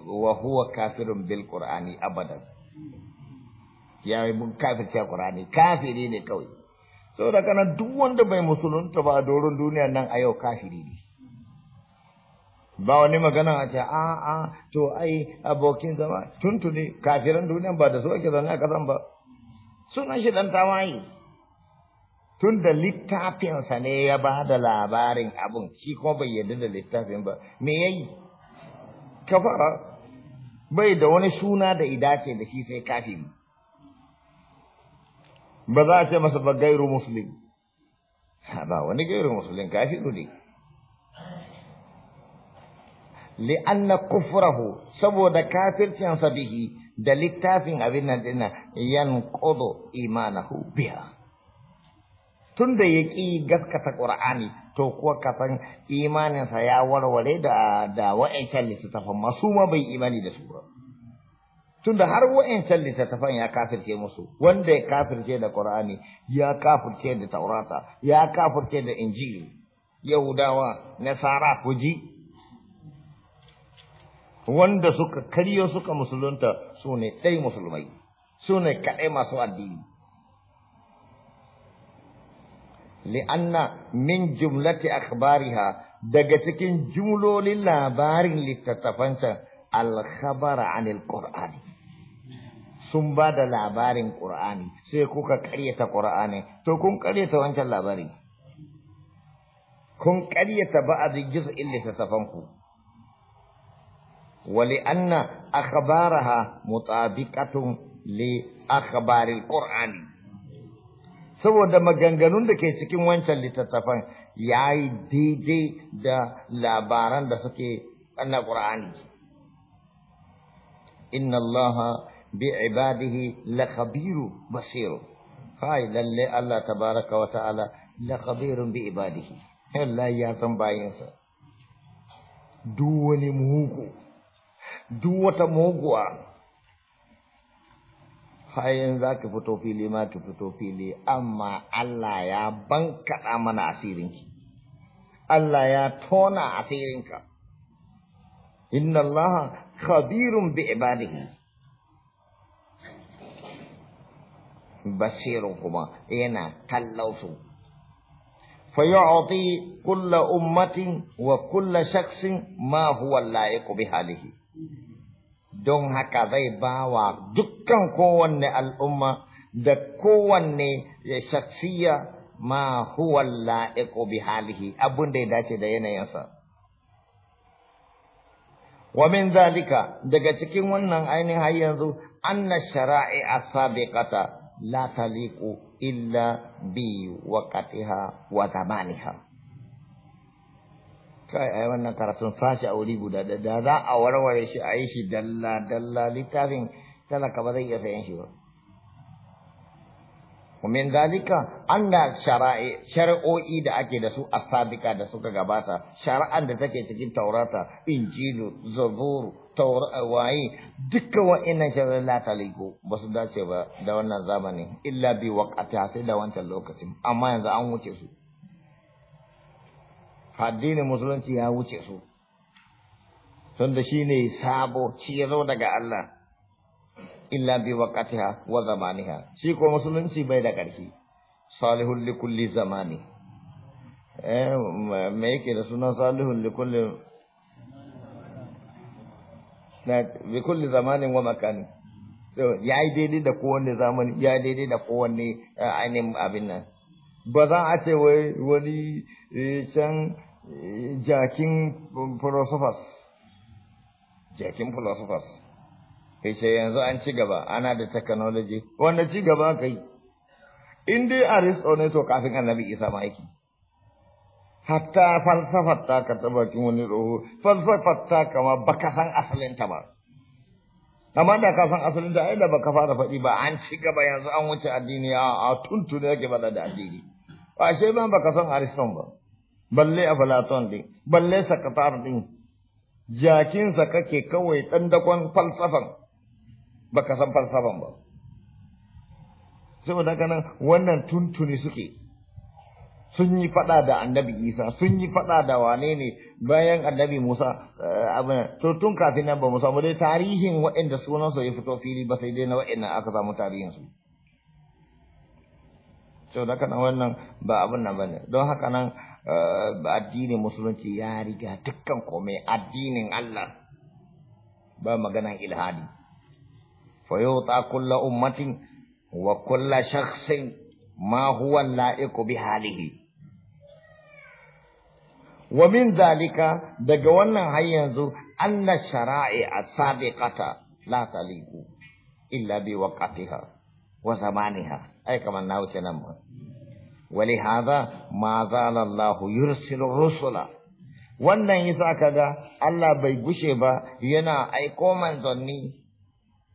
wa bil qur'ani abadan ya yi kafirce qur'ani kafiri ne kawai saboda kana duk wanda bai musulunta ba a doron duniya nan a yau kafiri ne ba wani magana a ce a a to ai abokin zama tuntuni kafiran duniya ba da su ake zaune a kasan ba Suna shi dan tawaye tun da littafinsa ne ya ba da labarin abun shi kuma bai yarda da littafin ba me ya yayi kafara bai da wani suna da idace da shi sai kafiri ba za a ce masa ba gairu musulun ba wani gairu muslim kafiru ne li'anna kufrahu saboda kafircinsa bihi da littafin abin nan yan kodo imanahu tun tunda ya ƙi gaskata ƙur'ani to kuwa kasan imaninsa ya warware da wa'ancan littattafan masu ma bai imani da su ba tunda har can littattafan ya kafirce musu wanda ya kafirce da Qur'ani ya kafirce da Taurata ya kafirce da Injili Yahudawa Nasara kuji wanda suka karyo suka musulunta su ne ɗai musulmai su ne kaɗai masu addini li'anna min jumlati akhbariha daga cikin jumlolin labarin littattafansa alkhabara anil qur'ani sun ba da labarin ƙur'ani sai kuka ƙaryata ƙur'ani to kun ƙaryata wancan labari kun ƙaryata ba'adin juz'in littattafanku wali anna akhbaraha mutabiqatun li akhbaril qur'ani saboda maganganun da ke cikin wancan littattafan yayi daidai da labaran da suke na qur'ani inna allaha بعباده لخبير بصير هاي للي الله تبارك وتعالى لخبير بعباده لا يعتم باينسا دون موغو دوة موغوة hayan za ki fito fili ma ki fito fili amma Allah ya bankaɗa mana asirinki Allah ya tona asirinka inna Allah khabirun bi ibadihi basirun kuma yana kallausu su fayu'ti kulla ummatin wa kulla shakhsin, ma huwa la'iqu bi halihi don haka zai bawa dukkan kowanne al'umma da kowanne ya shaksiya ma huwa la'iqu bi halihi abun da ya dace da yanayinsa wa min zalika daga cikin wannan ainihin har yanzu anna shara'i as-sabiqata la taliku illa bi waqatiha wa zamaniha kai ai wannan karatun fashi a wuri guda da za a warware shi a yi shi dalla dalla littafin talaka ba zai iya sayan shi ba ومن ذلك أن شرائع شرعوي da ake da su asabika da suka gabata shari'ar da take cikin taurata injilu zaburu waye duka wa'annan shirin la taliku ba su dace ba da wannan zamani illa bi waqati sai da wancan lokacin amma yanzu an wuce su Haddini musulunci ya wuce su tunda shine sabo shi ya zo daga Allah illa bi waqati wa zamaniha shi ko musulunci bai da ƙarfi salihul li kulli zamani eh me yake da sunan salihul li kulli bi kulli zamanin wa makani ya yi daidai da kowanne zamani ya yi daidai da kowanne eh, ainihin abin nan ba za a ce wai wani eh, can eh, jakin philosophers jakin philosophers ce yanzu an ci gaba ana da technology wanda ci gaba kai in dai a ne to kafin annabi isa ma yake hatta falsafar ta ka taba kin wani roho falsafar ta kama baka san asalin ta ba amma da ka san asalin ta ai da baka fara faɗi ba an ci gaba yanzu an wuce addini a a tuntune yake bada da addini ba shi ba baka san ariston ba balle a platon din balle sakatar din jakinsa kake kawai dan dakon falsafan baka san falsafan ba saboda kana nan wannan tuntuni suke sun yi fada da annabi isa sun yi fada da wane ne bayan annabi musa eh, abin to tun kafin nan ba mu samu dai tarihin waɗanda sunansu ya fito fili ba sai dai na waɗannan aka samu tarihin su to da kana wannan ba abin nan bane don haka nan eh, addinin musulunci ya riga dukkan komai addinin Allah ba maganan ilhadi fa yuta kullu ummatin wa kullu shakhsin ma huwa la'iqu bi halihi wa min zalika daga wannan har yanzu anna shara'i'a sabiqata la taliqu illa bi waqtiha wa zamaniha ai kaman na wuce nan ma hada ما زال الله يرسل rusula. wannan yasa kaga Allah bai gushe ba yana aiko manzanni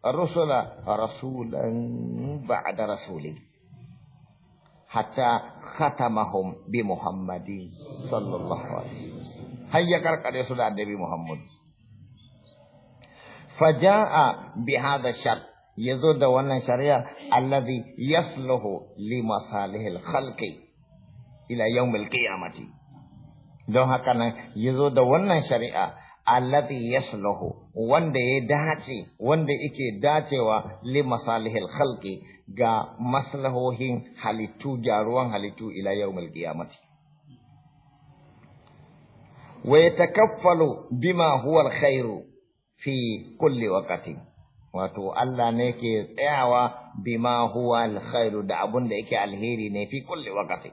rusula rasulan ba'da rasuli hatta khatamahum bi Muhammadin sallallahu alaihi wasallam har ya karkare su da annabi Muhammad faja'a bi hadha shart yazo da wannan shari'a allazi yasluhu li masalihil khalqi ila yawmil qiyamati don haka nan yazo da wannan shari'a allazi yasluhu wanda ya dace wanda yake dacewa li masalihil khalqi ga maslahohin halittu gyaruwan halittu ila yawmil qiyamati wa yatakaffalu bima huwa alkhairu fi kulli waqtin wato Allah ne ke tsayawa bima huwa alkhairu da abun da yake alheri ne fi kulli waqtin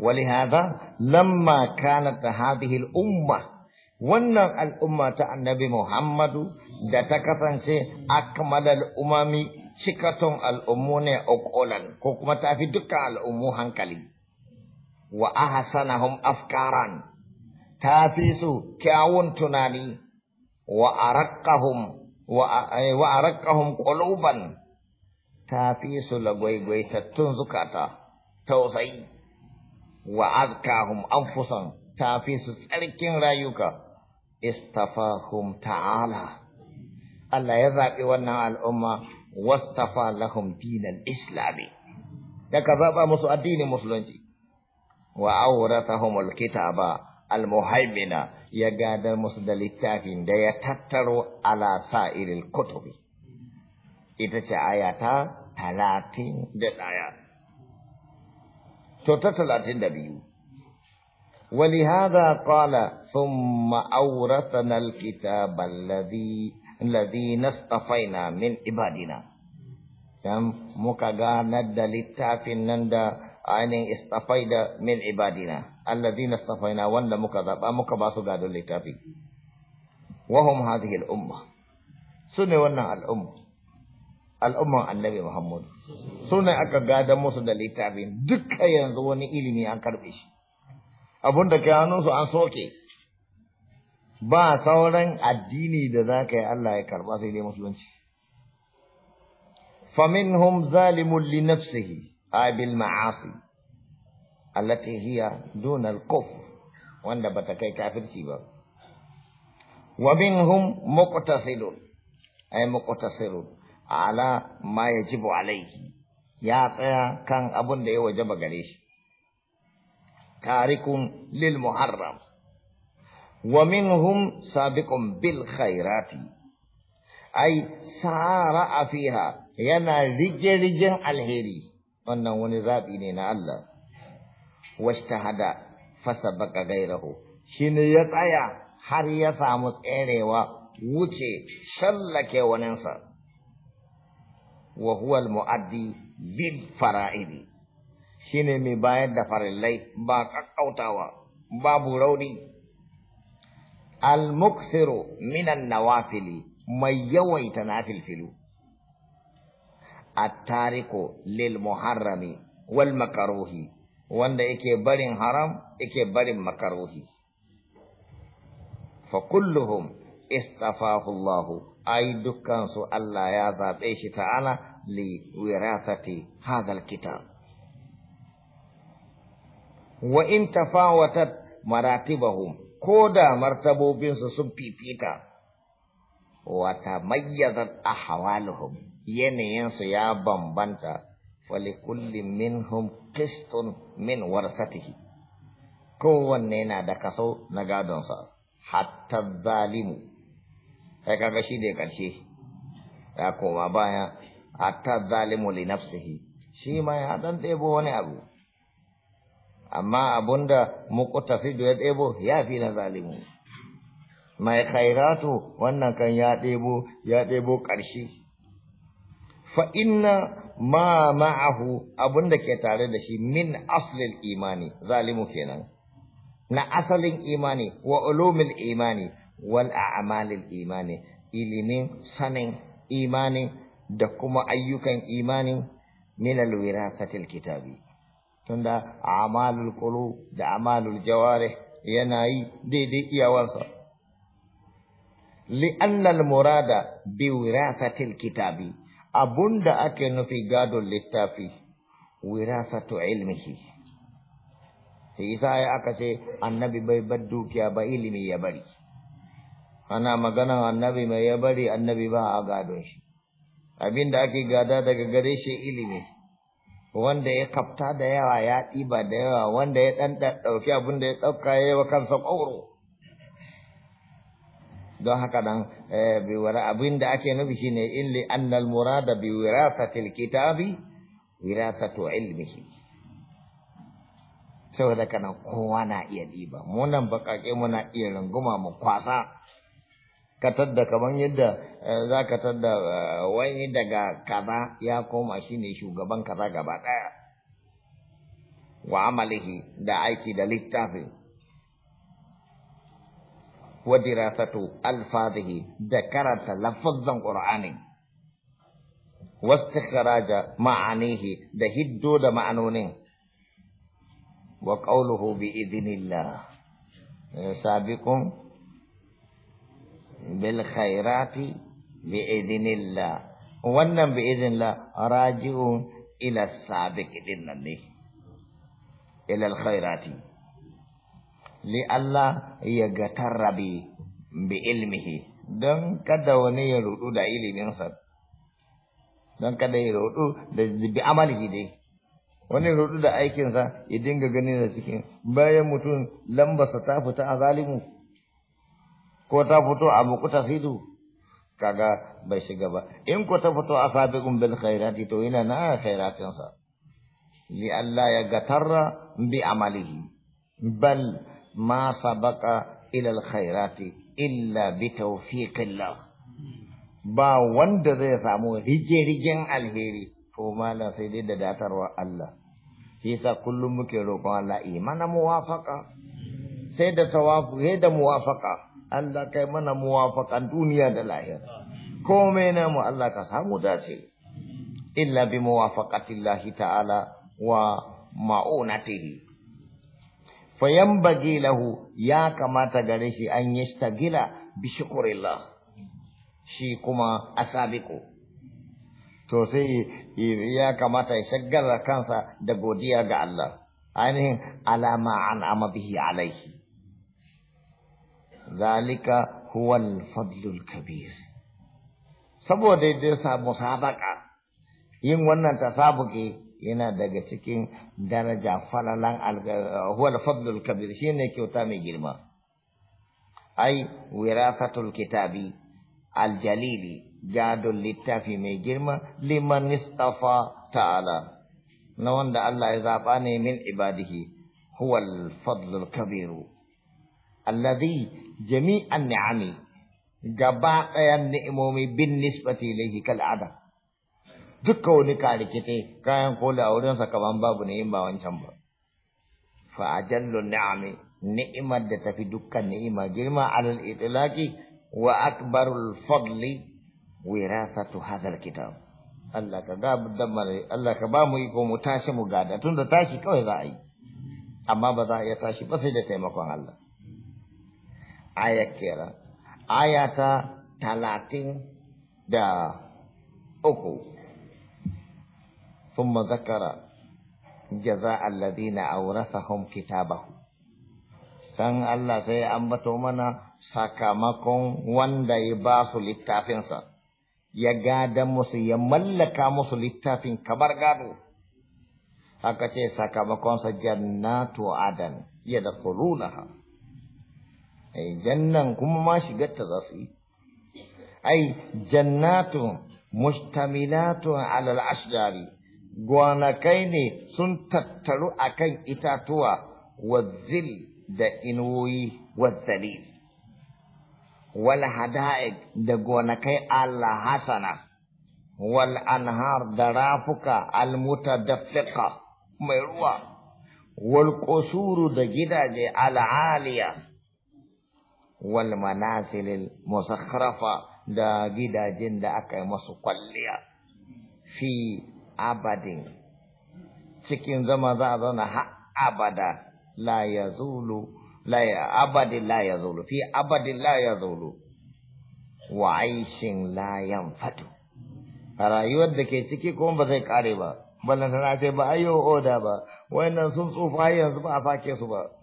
ولهذا لما كانت هذه الامه wannan al'umma ta annabi Muhammadu da ta kasance akmalal umami shikaton al'ummu ne uqulan ko kuma ta fi dukkan al'ummu hankali wa ahsanahum afkaran ta fi su kyawun tunani wa araqqahum wa eh, araqqahum ta fi su tattun zukata tausayi wa azkahum anfusan ta fi su tsarkin rayuka istafahum ta'ala Allah ya zaɓi wannan al'umma wastafa lahum dinal islami ya zaɓa musu addinin musulunci wa auratahum alkitaba almuhaimina ya gadar musu da littafin da ya tattaro ala sa'iril kutubi ita ce ayata talatin da ɗaya to ta talatin da biyu ولهذا قال ثم أورثنا الكتاب الذي الذين اصطفينا من عبادنا كم مكغانا دلتا في النندا عين استفيد من عبادنا الذين اصطفينا وند مكذب مكباسو غادو لتابي وهم هذه الأمة سنة ونا الأمة الأمة النبي محمد سنة أكا غادا موسى دلتا دكا ينزوني إلمي أنكر بشي abun da ke su an soke ba sauran addini da za ka yi Allah ya karba sai dai musulunci faminhum zalimun li nafsihi abil ma'asi allati hiya duna al wanda bata kai kafirci ba wa minhum muqtasidun ay muqtasirun ala ma yajibu alayhi ya tsaya kan abun da ya wajaba gare shi تارك للمحرم ومنهم سابق بالخيرات أي سارع فيها ينا رج رج الهيري أنه نذاب إلينا الله واجتهد فسبق غيره شين يطايا هر يسا متعيني ووتي وچه شلك وننصر وهو المؤدي بالفرائدي shine mai bayar da farillai ba kakkautawa babu rauni al-mukthiru minan nawafili mai yawaita nafilfilu at-tariku lil muharrami wal makaruhi wanda yake barin haram yake barin makaruhi fa kulluhum istafahu Allah ai dukkan su Allah ya zabe shi ta'ala li wirasati hadha al-kitab wa in tafawatat maratibahum ko da martabobinsu sun fifita wa tamayyazat ahwaluhum yanayinsu ya bambanta falikulli minhum qistun min warasatihi kowanne yana da kaso na gadonsa hatta zalimu sai kaga shi da karshe ya koma baya hatta zalimu li nafsihi shi ma ya dan ɗebo wani abu amma abunda muqtasidu ya ɗebo ya fi na zalimu mai Kairatu wannan kan ya ɗebo ya ɗebo ƙarshe fa inna ma ma'ahu abunda ke tare da shi min asalin imani zalimu kenan na asalin imani wa ulumil imani wal a'malil imani ilimin sanin imani da kuma ayyukan imani min alwirasatil kitabi tunda amalul qulub da amalul jawarih yana yi daidai iyawarsa li'anna al-murada bi wirasatil kitabi abunda ake nufi gadon littafi wirasatu ilmihi sai isa ya aka ce annabi bai bar dukiya ba ilimi ya bari ana maganan annabi mai ya bari annabi ba a gadon shi abinda ake gada daga gare shi ilimi wanda ya kafta da yawa ya ɗiba da yawa wanda ya ɗan ɗauki abin da ya ɗauka ya yi wa kansa ƙauro don haka nan eh, biwara abin da ake nufi shine illi annal murada bi wirasatil kitabi wirasatu ilmihi saboda kana kowa na iya ɗiba munan nan muna iya runguma mu kwasa ka tadda kamar yadda eh, za ka tadda eh, wani daga kaza ya koma shi ne shugaban kaza gaba ɗaya wa amalihi da aiki da littafi wa dirasatu alfazihi da karanta lafazzan qur'ani karaja ma'anihi da hiddo da ma'anonin wa qawluhu bi idnillah eh, sabiqun bil khairati bi idinillah wannan bi idinillah raji'un ila sabiq din ne ila al khairati li Allah ya Rabi bi ilmihi don kada wani ya rudu da iliminsa don kada ya rudu da bi amalihi dai wani rudu da aikinsa ya dinga ganin da cikin bayan mutum lambarsa ta fita a zalimu ko ta fito a muku tasidu kaga bai shiga ba in ko ta fito a kun bil khairati to ina na khairatin sa li Allah ya gatarra bi amalihi bal ma sabaka ila al khairati illa bi tawfiqillah ba wanda zai samu rigen alheri Ko malam sai dai da datarwa Allah shi yasa kullum muke roƙon Allah imana muwafaqa sai da tawafu sai da muwafaqa Allah kai mana muwafaqan duniya da lahira komai mu Allah ka samu dace illa bi muwafaqatillahi ta'ala wa ma'unatihi fayambagi lahu ya kamata gare shi an yashtagila bi shukrillah shi kuma asabiku to sai ya kamata ya shagala kansa da godiya ga Allah ainihin alama an ama alaihi zalika huwal al-fadlul kabir saboda dai sa musabaka yin wannan tasabuki yana daga cikin daraja falalan huwa al-fadlul kabir shine kyauta mai girma ai wirasatul kitabi aljalili gadon littafi mai girma liman istafa ta'ala na wanda Allah ya zaba ne min ibadihi huwa al-fadlul kabiru alladhi jami'an ni'ami gaba ɗayan ni'imomi bin nisbati ilaihi kal adam dukkan wani karikite kayan kola a sa kaman babu ne in ba wancan ba fa ajallu ni'ami ni'imar da tafi dukkan ni'ima girma alal itlaqi wa akbarul fadli wirasatu hadal kitab Allah ka ga damar Allah ka ba mu iko mu tashi mu gada tunda tashi kawai za a yi amma ba za a iya tashi ba sai da taimakon Allah aya kira ayat talatin da uku thumma zakara jaza الذين أورثهم kitabahu san Allah sai an ambato mana sakamakon wanda ya ba su littafinsa ya gada musu ya mallaka musu littafin kamar gado haka ce sakamakonsa jannatu adan ya da kululaha Eh, jannan kuma ma ta za su yi ai jannatun ala al ashjari gwanakai ne sun tattaru akan itatuwa wazil da inuwoyi wazzalil wal hada'ik da gonakai Allah hasana wal anhar da rafuka al mai ruwa wal qusuru da gidaje al aliyah wal manasilil musakhrafa da gidajen da aka yi masu kwalliya fi abadin cikin zama za a zauna ha abada la ya zulu la ya abadin la ya zulu fi abadin la ya zulu wa aishin la yanfatu rayuwar da ke ciki ko ba zai kare ba ballan sai ce ba ayo oda ba wayannan sun tsufa yanzu ba a sake su ba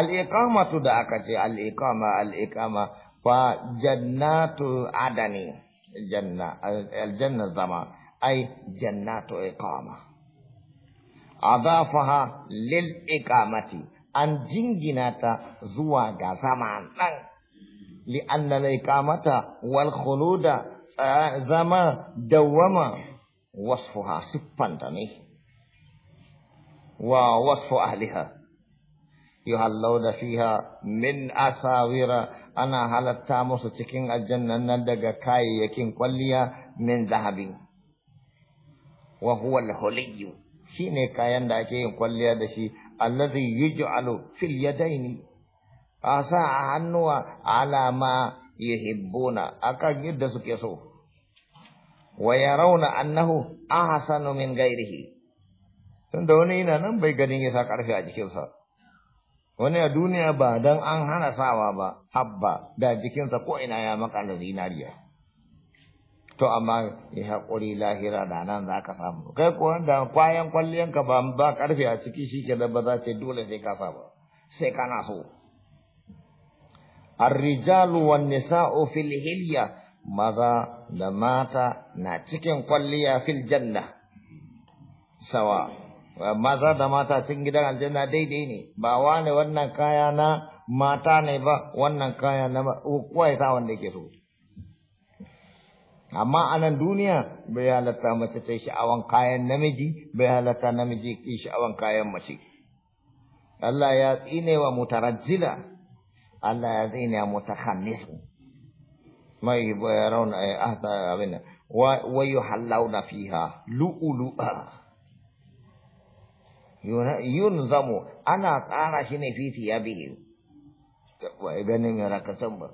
الإقامة دعكتي الإقامة الإقامة فجنات عدني الجنة الجنة الزمان أي جنات إقامة أضافها للإقامة أن جنجناتا زواج زمان لأن الإقامة والخلود زمان دوما وصفها سبانتني ووصف أهلها yuhallawna fiha min asawira ana halatta musu cikin aljannan nan daga kayayyakin kwalliya min zahabi wa huwa al-huliyyu shine kayan da ake yin kwalliya da shi allazi yuj'alu fil yadaini asa a hannuwa ala ma yuhibbuna akan yadda suke so wa yarawna annahu ahsanu min ghairihi tunda wani yana nan bai ganin sa karfi a jikinsa wani a duniya ba dan an hana sawa ba habba da jikinsa ko ina ya maka da zinariya to amma ya haƙuri lahira da nan za ka samu kai ko da kwayan ka ba ba karfe a ciki shi ke da ba za ce dole sai ka sa ba sai na so ofil والنساء maza da mata na cikin kwalliya fil janna sawa. maza da mata cikin gidan aljanna daidai ne ba wane wannan kaya na mata ne ba wannan kaya na kowa ya sa wanda yake so amma a nan duniya bai halatta mace ta sha'awan kayan namiji bai halatta namiji ki sha'awan kayan mace Allah ya tsine wa mutarajjila Allah ya tsine wa mutakhannisu mai ai eh, ahsa abin wa yuhallawna fiha lu'lu'a yun zamu ana tsara shi ne fiti ya wai ganin ya raka ba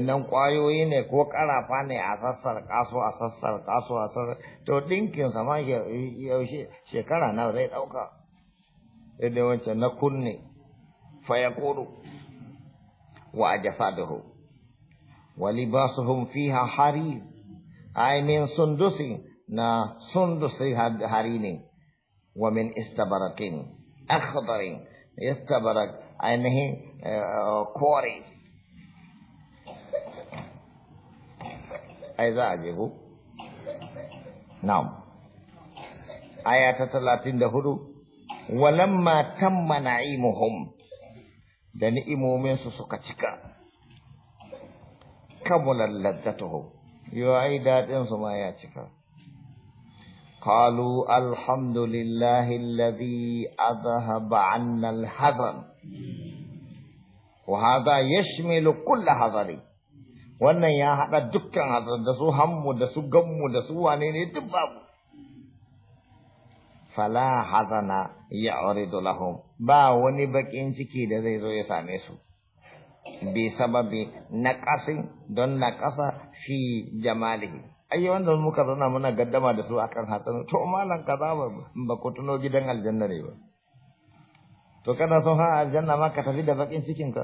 nan kwayoyi ne ko karafa ne a sassar kaso a sassar kaso a sassar to dinkin sama yaushe shekara na zai dauka idan wancan na kunne fa ya kuru wa ajasaduhu wa libasuhum fiha harir ay min sundusi na sundusi hari ne wa min istabarakin akhbarin istabarak Ainihi, kore ai za a je ku? na'am aya ta talatin da hudu walan matan mana'i muhim da ni'imominsu suka cika kamulan ladda ta hu yi wa'ai daɗinsu ma ya cika قالوا الحمد لله الذي أذهب عنا الحزن وهذا يشمل كل حذر wannan ya haɗa dukkan hatsar da su hammu da su gammu da su wane ne duk babu fala hazana ya uridu lahum ba wani bakin ciki da zai zo ya same su bi sababi naqasin don naqasa fi jamalihi ayi wanda muka zana muna gaddama da su akan hatsin to malam kaza ba ba ku tuno gidan aljanna ne ba to kana son ha aljanna ma ka tafi da bakin cikin ka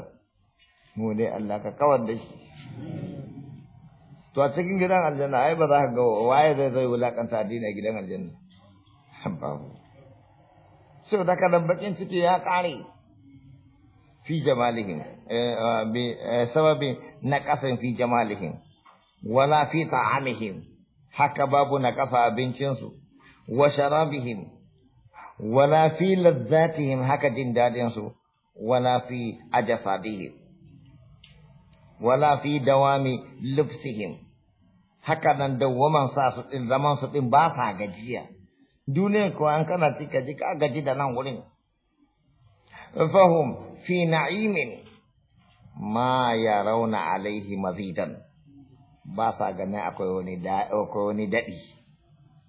mu ne Allah ka kawar da shi to a cikin gidan aljanna ai ba za ka ga waye zai zai wulakanta addini a gidan aljanna ba sau da kadan bakin ciki ya kare fi eh bi eh, na kasan fi jamalihim wala fi ta'amihim haka babu na kafa abincinsu wa sharabihim wala fi ladzatihim haka jin dadinsu wala fi ajasadihim wala fi dawami lubsihim haka nan dawaman sa su din zaman su din ba sa gajiya duniyar ko an kana tika ji ka gaji da nan wurin fahum fi na'imin ma ya rauna alaihi mazidan ba sa ganin akwai wani akwai wani daɗi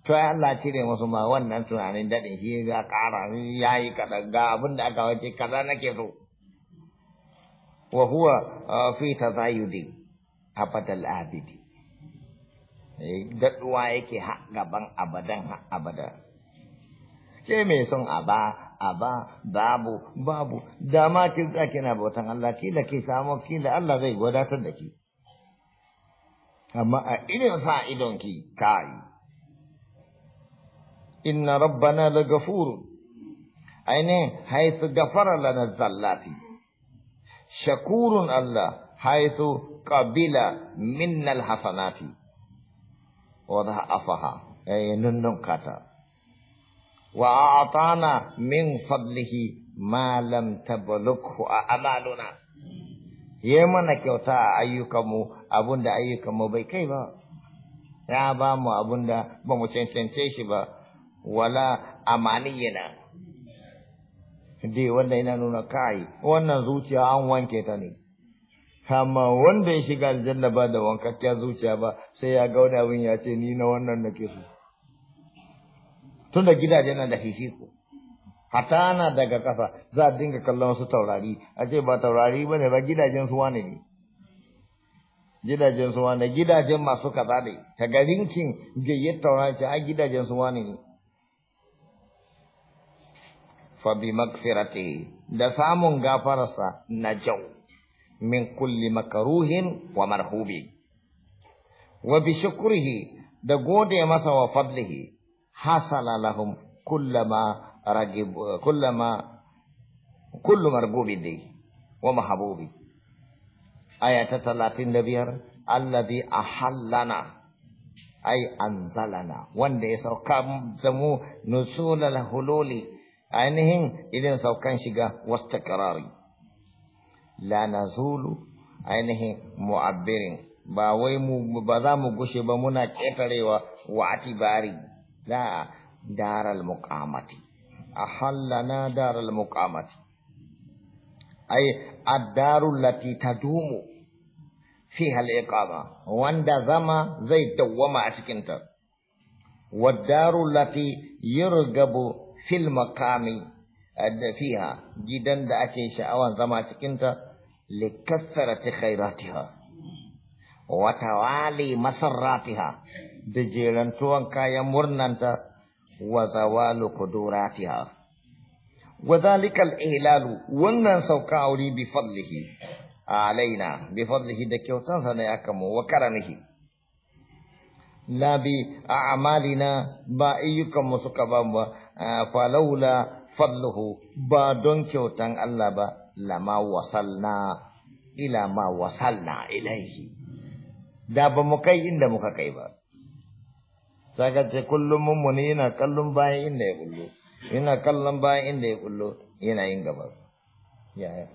to ya Allah cire musu ma wannan tunanin daɗin shi ga ƙara ya yi kaɗan ga abin da aka wace kaza nake so wa huwa uh, fi tazayudi abadal abidi eh, daɗuwa yake gaban abadan abada ke me son aba aba babu babu dama kin kina bautan Allah kila ki samu kila Allah zai gwadatar da ki amma a irin sa idonki kai inna rabbana lagafurun ainihin haitu gafara lana zallati shakurun Allah haitu qabila minnal hasanati wa afaha ayyannun kata wa a'tana min fadlihi ma lam tablughu a'maluna ya yi mana kyauta a ayyukanmu abin da ayyukanmu bai kai ba ya ba mu abin da ba mu cancance shi ba wala yana. dai wanda yana nuna kai wannan zuciya an wanke ta ne amma wanda ya shiga aljanna ba da wankakkiyar zuciya ba sai ya ga wani abin ya ce ni na wannan su. so tunda gidajen na da fifiko hatana daga ƙasa za a dinga kallon su taurari a ce ba taurari ba ne ba gidajen suwa ne ne gidajen suwa ne gidajen masu kaza ne ta garinkin gayyar taurari ce a gidajen suwa ne ne fabi makfirate da samun gafararsa na jau min kulli makaruhin wa marhubi wa bi shukurhi da gode masa wa fadlihi hasala lahum kullama رغب كلما كل مرغوب دي ومحبوب آية 35 الذي أحلنا أي أنزلنا وان دي سوكام زمو نزول الهلول عينهم إذن سوكان شغا واستقراري لا نزول عينهم معبرين ba wai mu ba za mu gushe ba muna ƙetarewa wa atibari la daral muqamati أحلنا دار المقامة أي الدار التي تدوم فيها الإقامة وند ذما زي دوما أشكنت والدار التي يرغب في المقام فيها جدا دا أكي شعوا ذما أشكنت لكثرة خيراتها وتوالي مسراتها دجيلان توان كايا مرنانتا wa zawalu quduratiha wa zalika al wannan sauka aure bi fadlihi alaina bi fadlihi da kyautansa ne aka wa karamihi la bi a'malina ba ayyukan mu suka ba mu fa laula ba don kyautan Allah ba lama wasalna ila ma wasalna ilaihi da ba mu kai inda muka kai ba saka ce kullum mummuni yana kallon bayan inda ya kullo yana kallon bayan inda ya kullo yana yin gaba yaya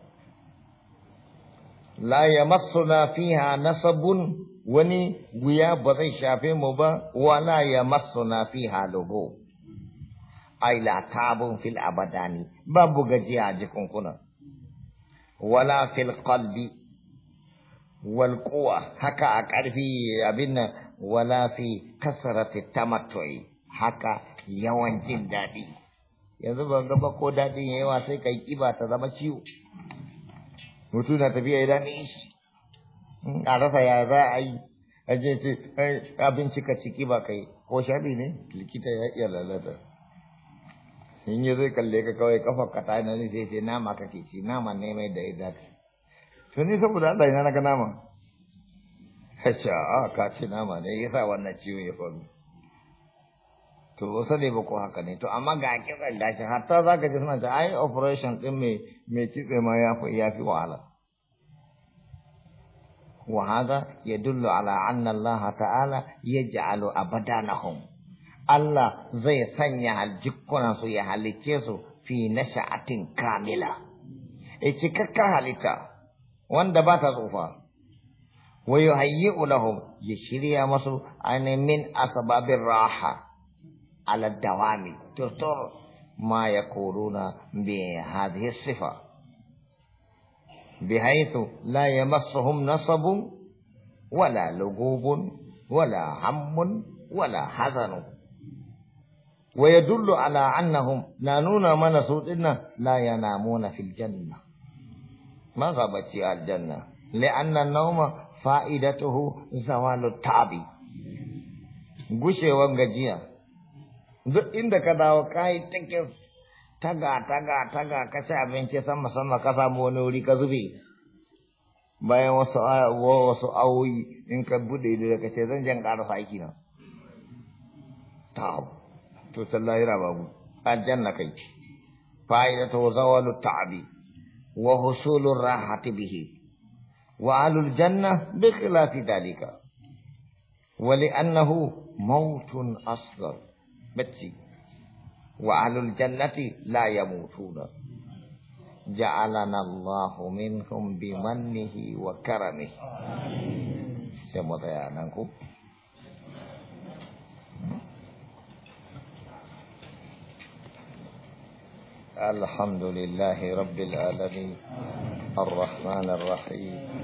la yamassuna fiha nasabun wani guya ba zai shafe mu ba wala yamassuna fiha lugo ai la tabun fil abadani babu gajiya a jikunkuna wala fil qalbi wal haka a ƙarfi abin nan wala fi kasarati tamattu'i haka yawan jin daɗi yanzu ban ga ba ko daɗin yawa sai kai kiba ta zama ciwo mutum na tafiya ya dame shi a rasa ya za a yi a je ce abinci ka ci kiba kai ko shabi ne likita ya iya lalata in yi zai kalle ka kawai kafa ka ta ne sai sai nama ka ke ci nama ne mai da ya dace to ni saboda Allah ina na ga nama kace a ka ci nama ne sa wannan ciwo ya faru to wasa ne ba ko haka ne to amma ga kitsan gashi hatta za ka ji suna ta ai operation din mai mai kitse ma ya fi ya fi wahala wa hada yadullu ala anna Allah ta'ala yaj'alu abadanahum Allah zai sanya aljikunan su ya halice su fi nasha'atin kamila e cikakken halitta wanda ba ta tsufa ويهيئ لهم يشري مصر أن من أسباب الراحة على الدوام تطر ما يقولون بهذه الصفة بحيث لا يمسهم نصب ولا لغوب ولا هم ولا حزن ويدل على أنهم نانون من سوطنا لا ينامون في الجنة ما غبت الجنة لأن النوم fa'idatuhu zawalu tabi gushewan gajiya duk inda ka dawo kai tikin taga taga taga ka ci abinci sama sama ka samu wani wuri ka zube bayan wasu wasu awoyi in ka bude ido ka ce zan jan karasa aiki na ta'ab to sallahi rababu aljanna kai fa'idatu zawalu ta'bi wa husulur rahati bihi وأهل الجنة بخلاف ذلك ولأنه موت أصغر بتشي وأهل الجنة لا يموتون جعلنا الله منهم بمنه وكرمه سمتيانكم الحمد لله رب العالمين الرحمن الرحيم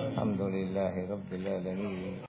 الحمد آم رب ہرپت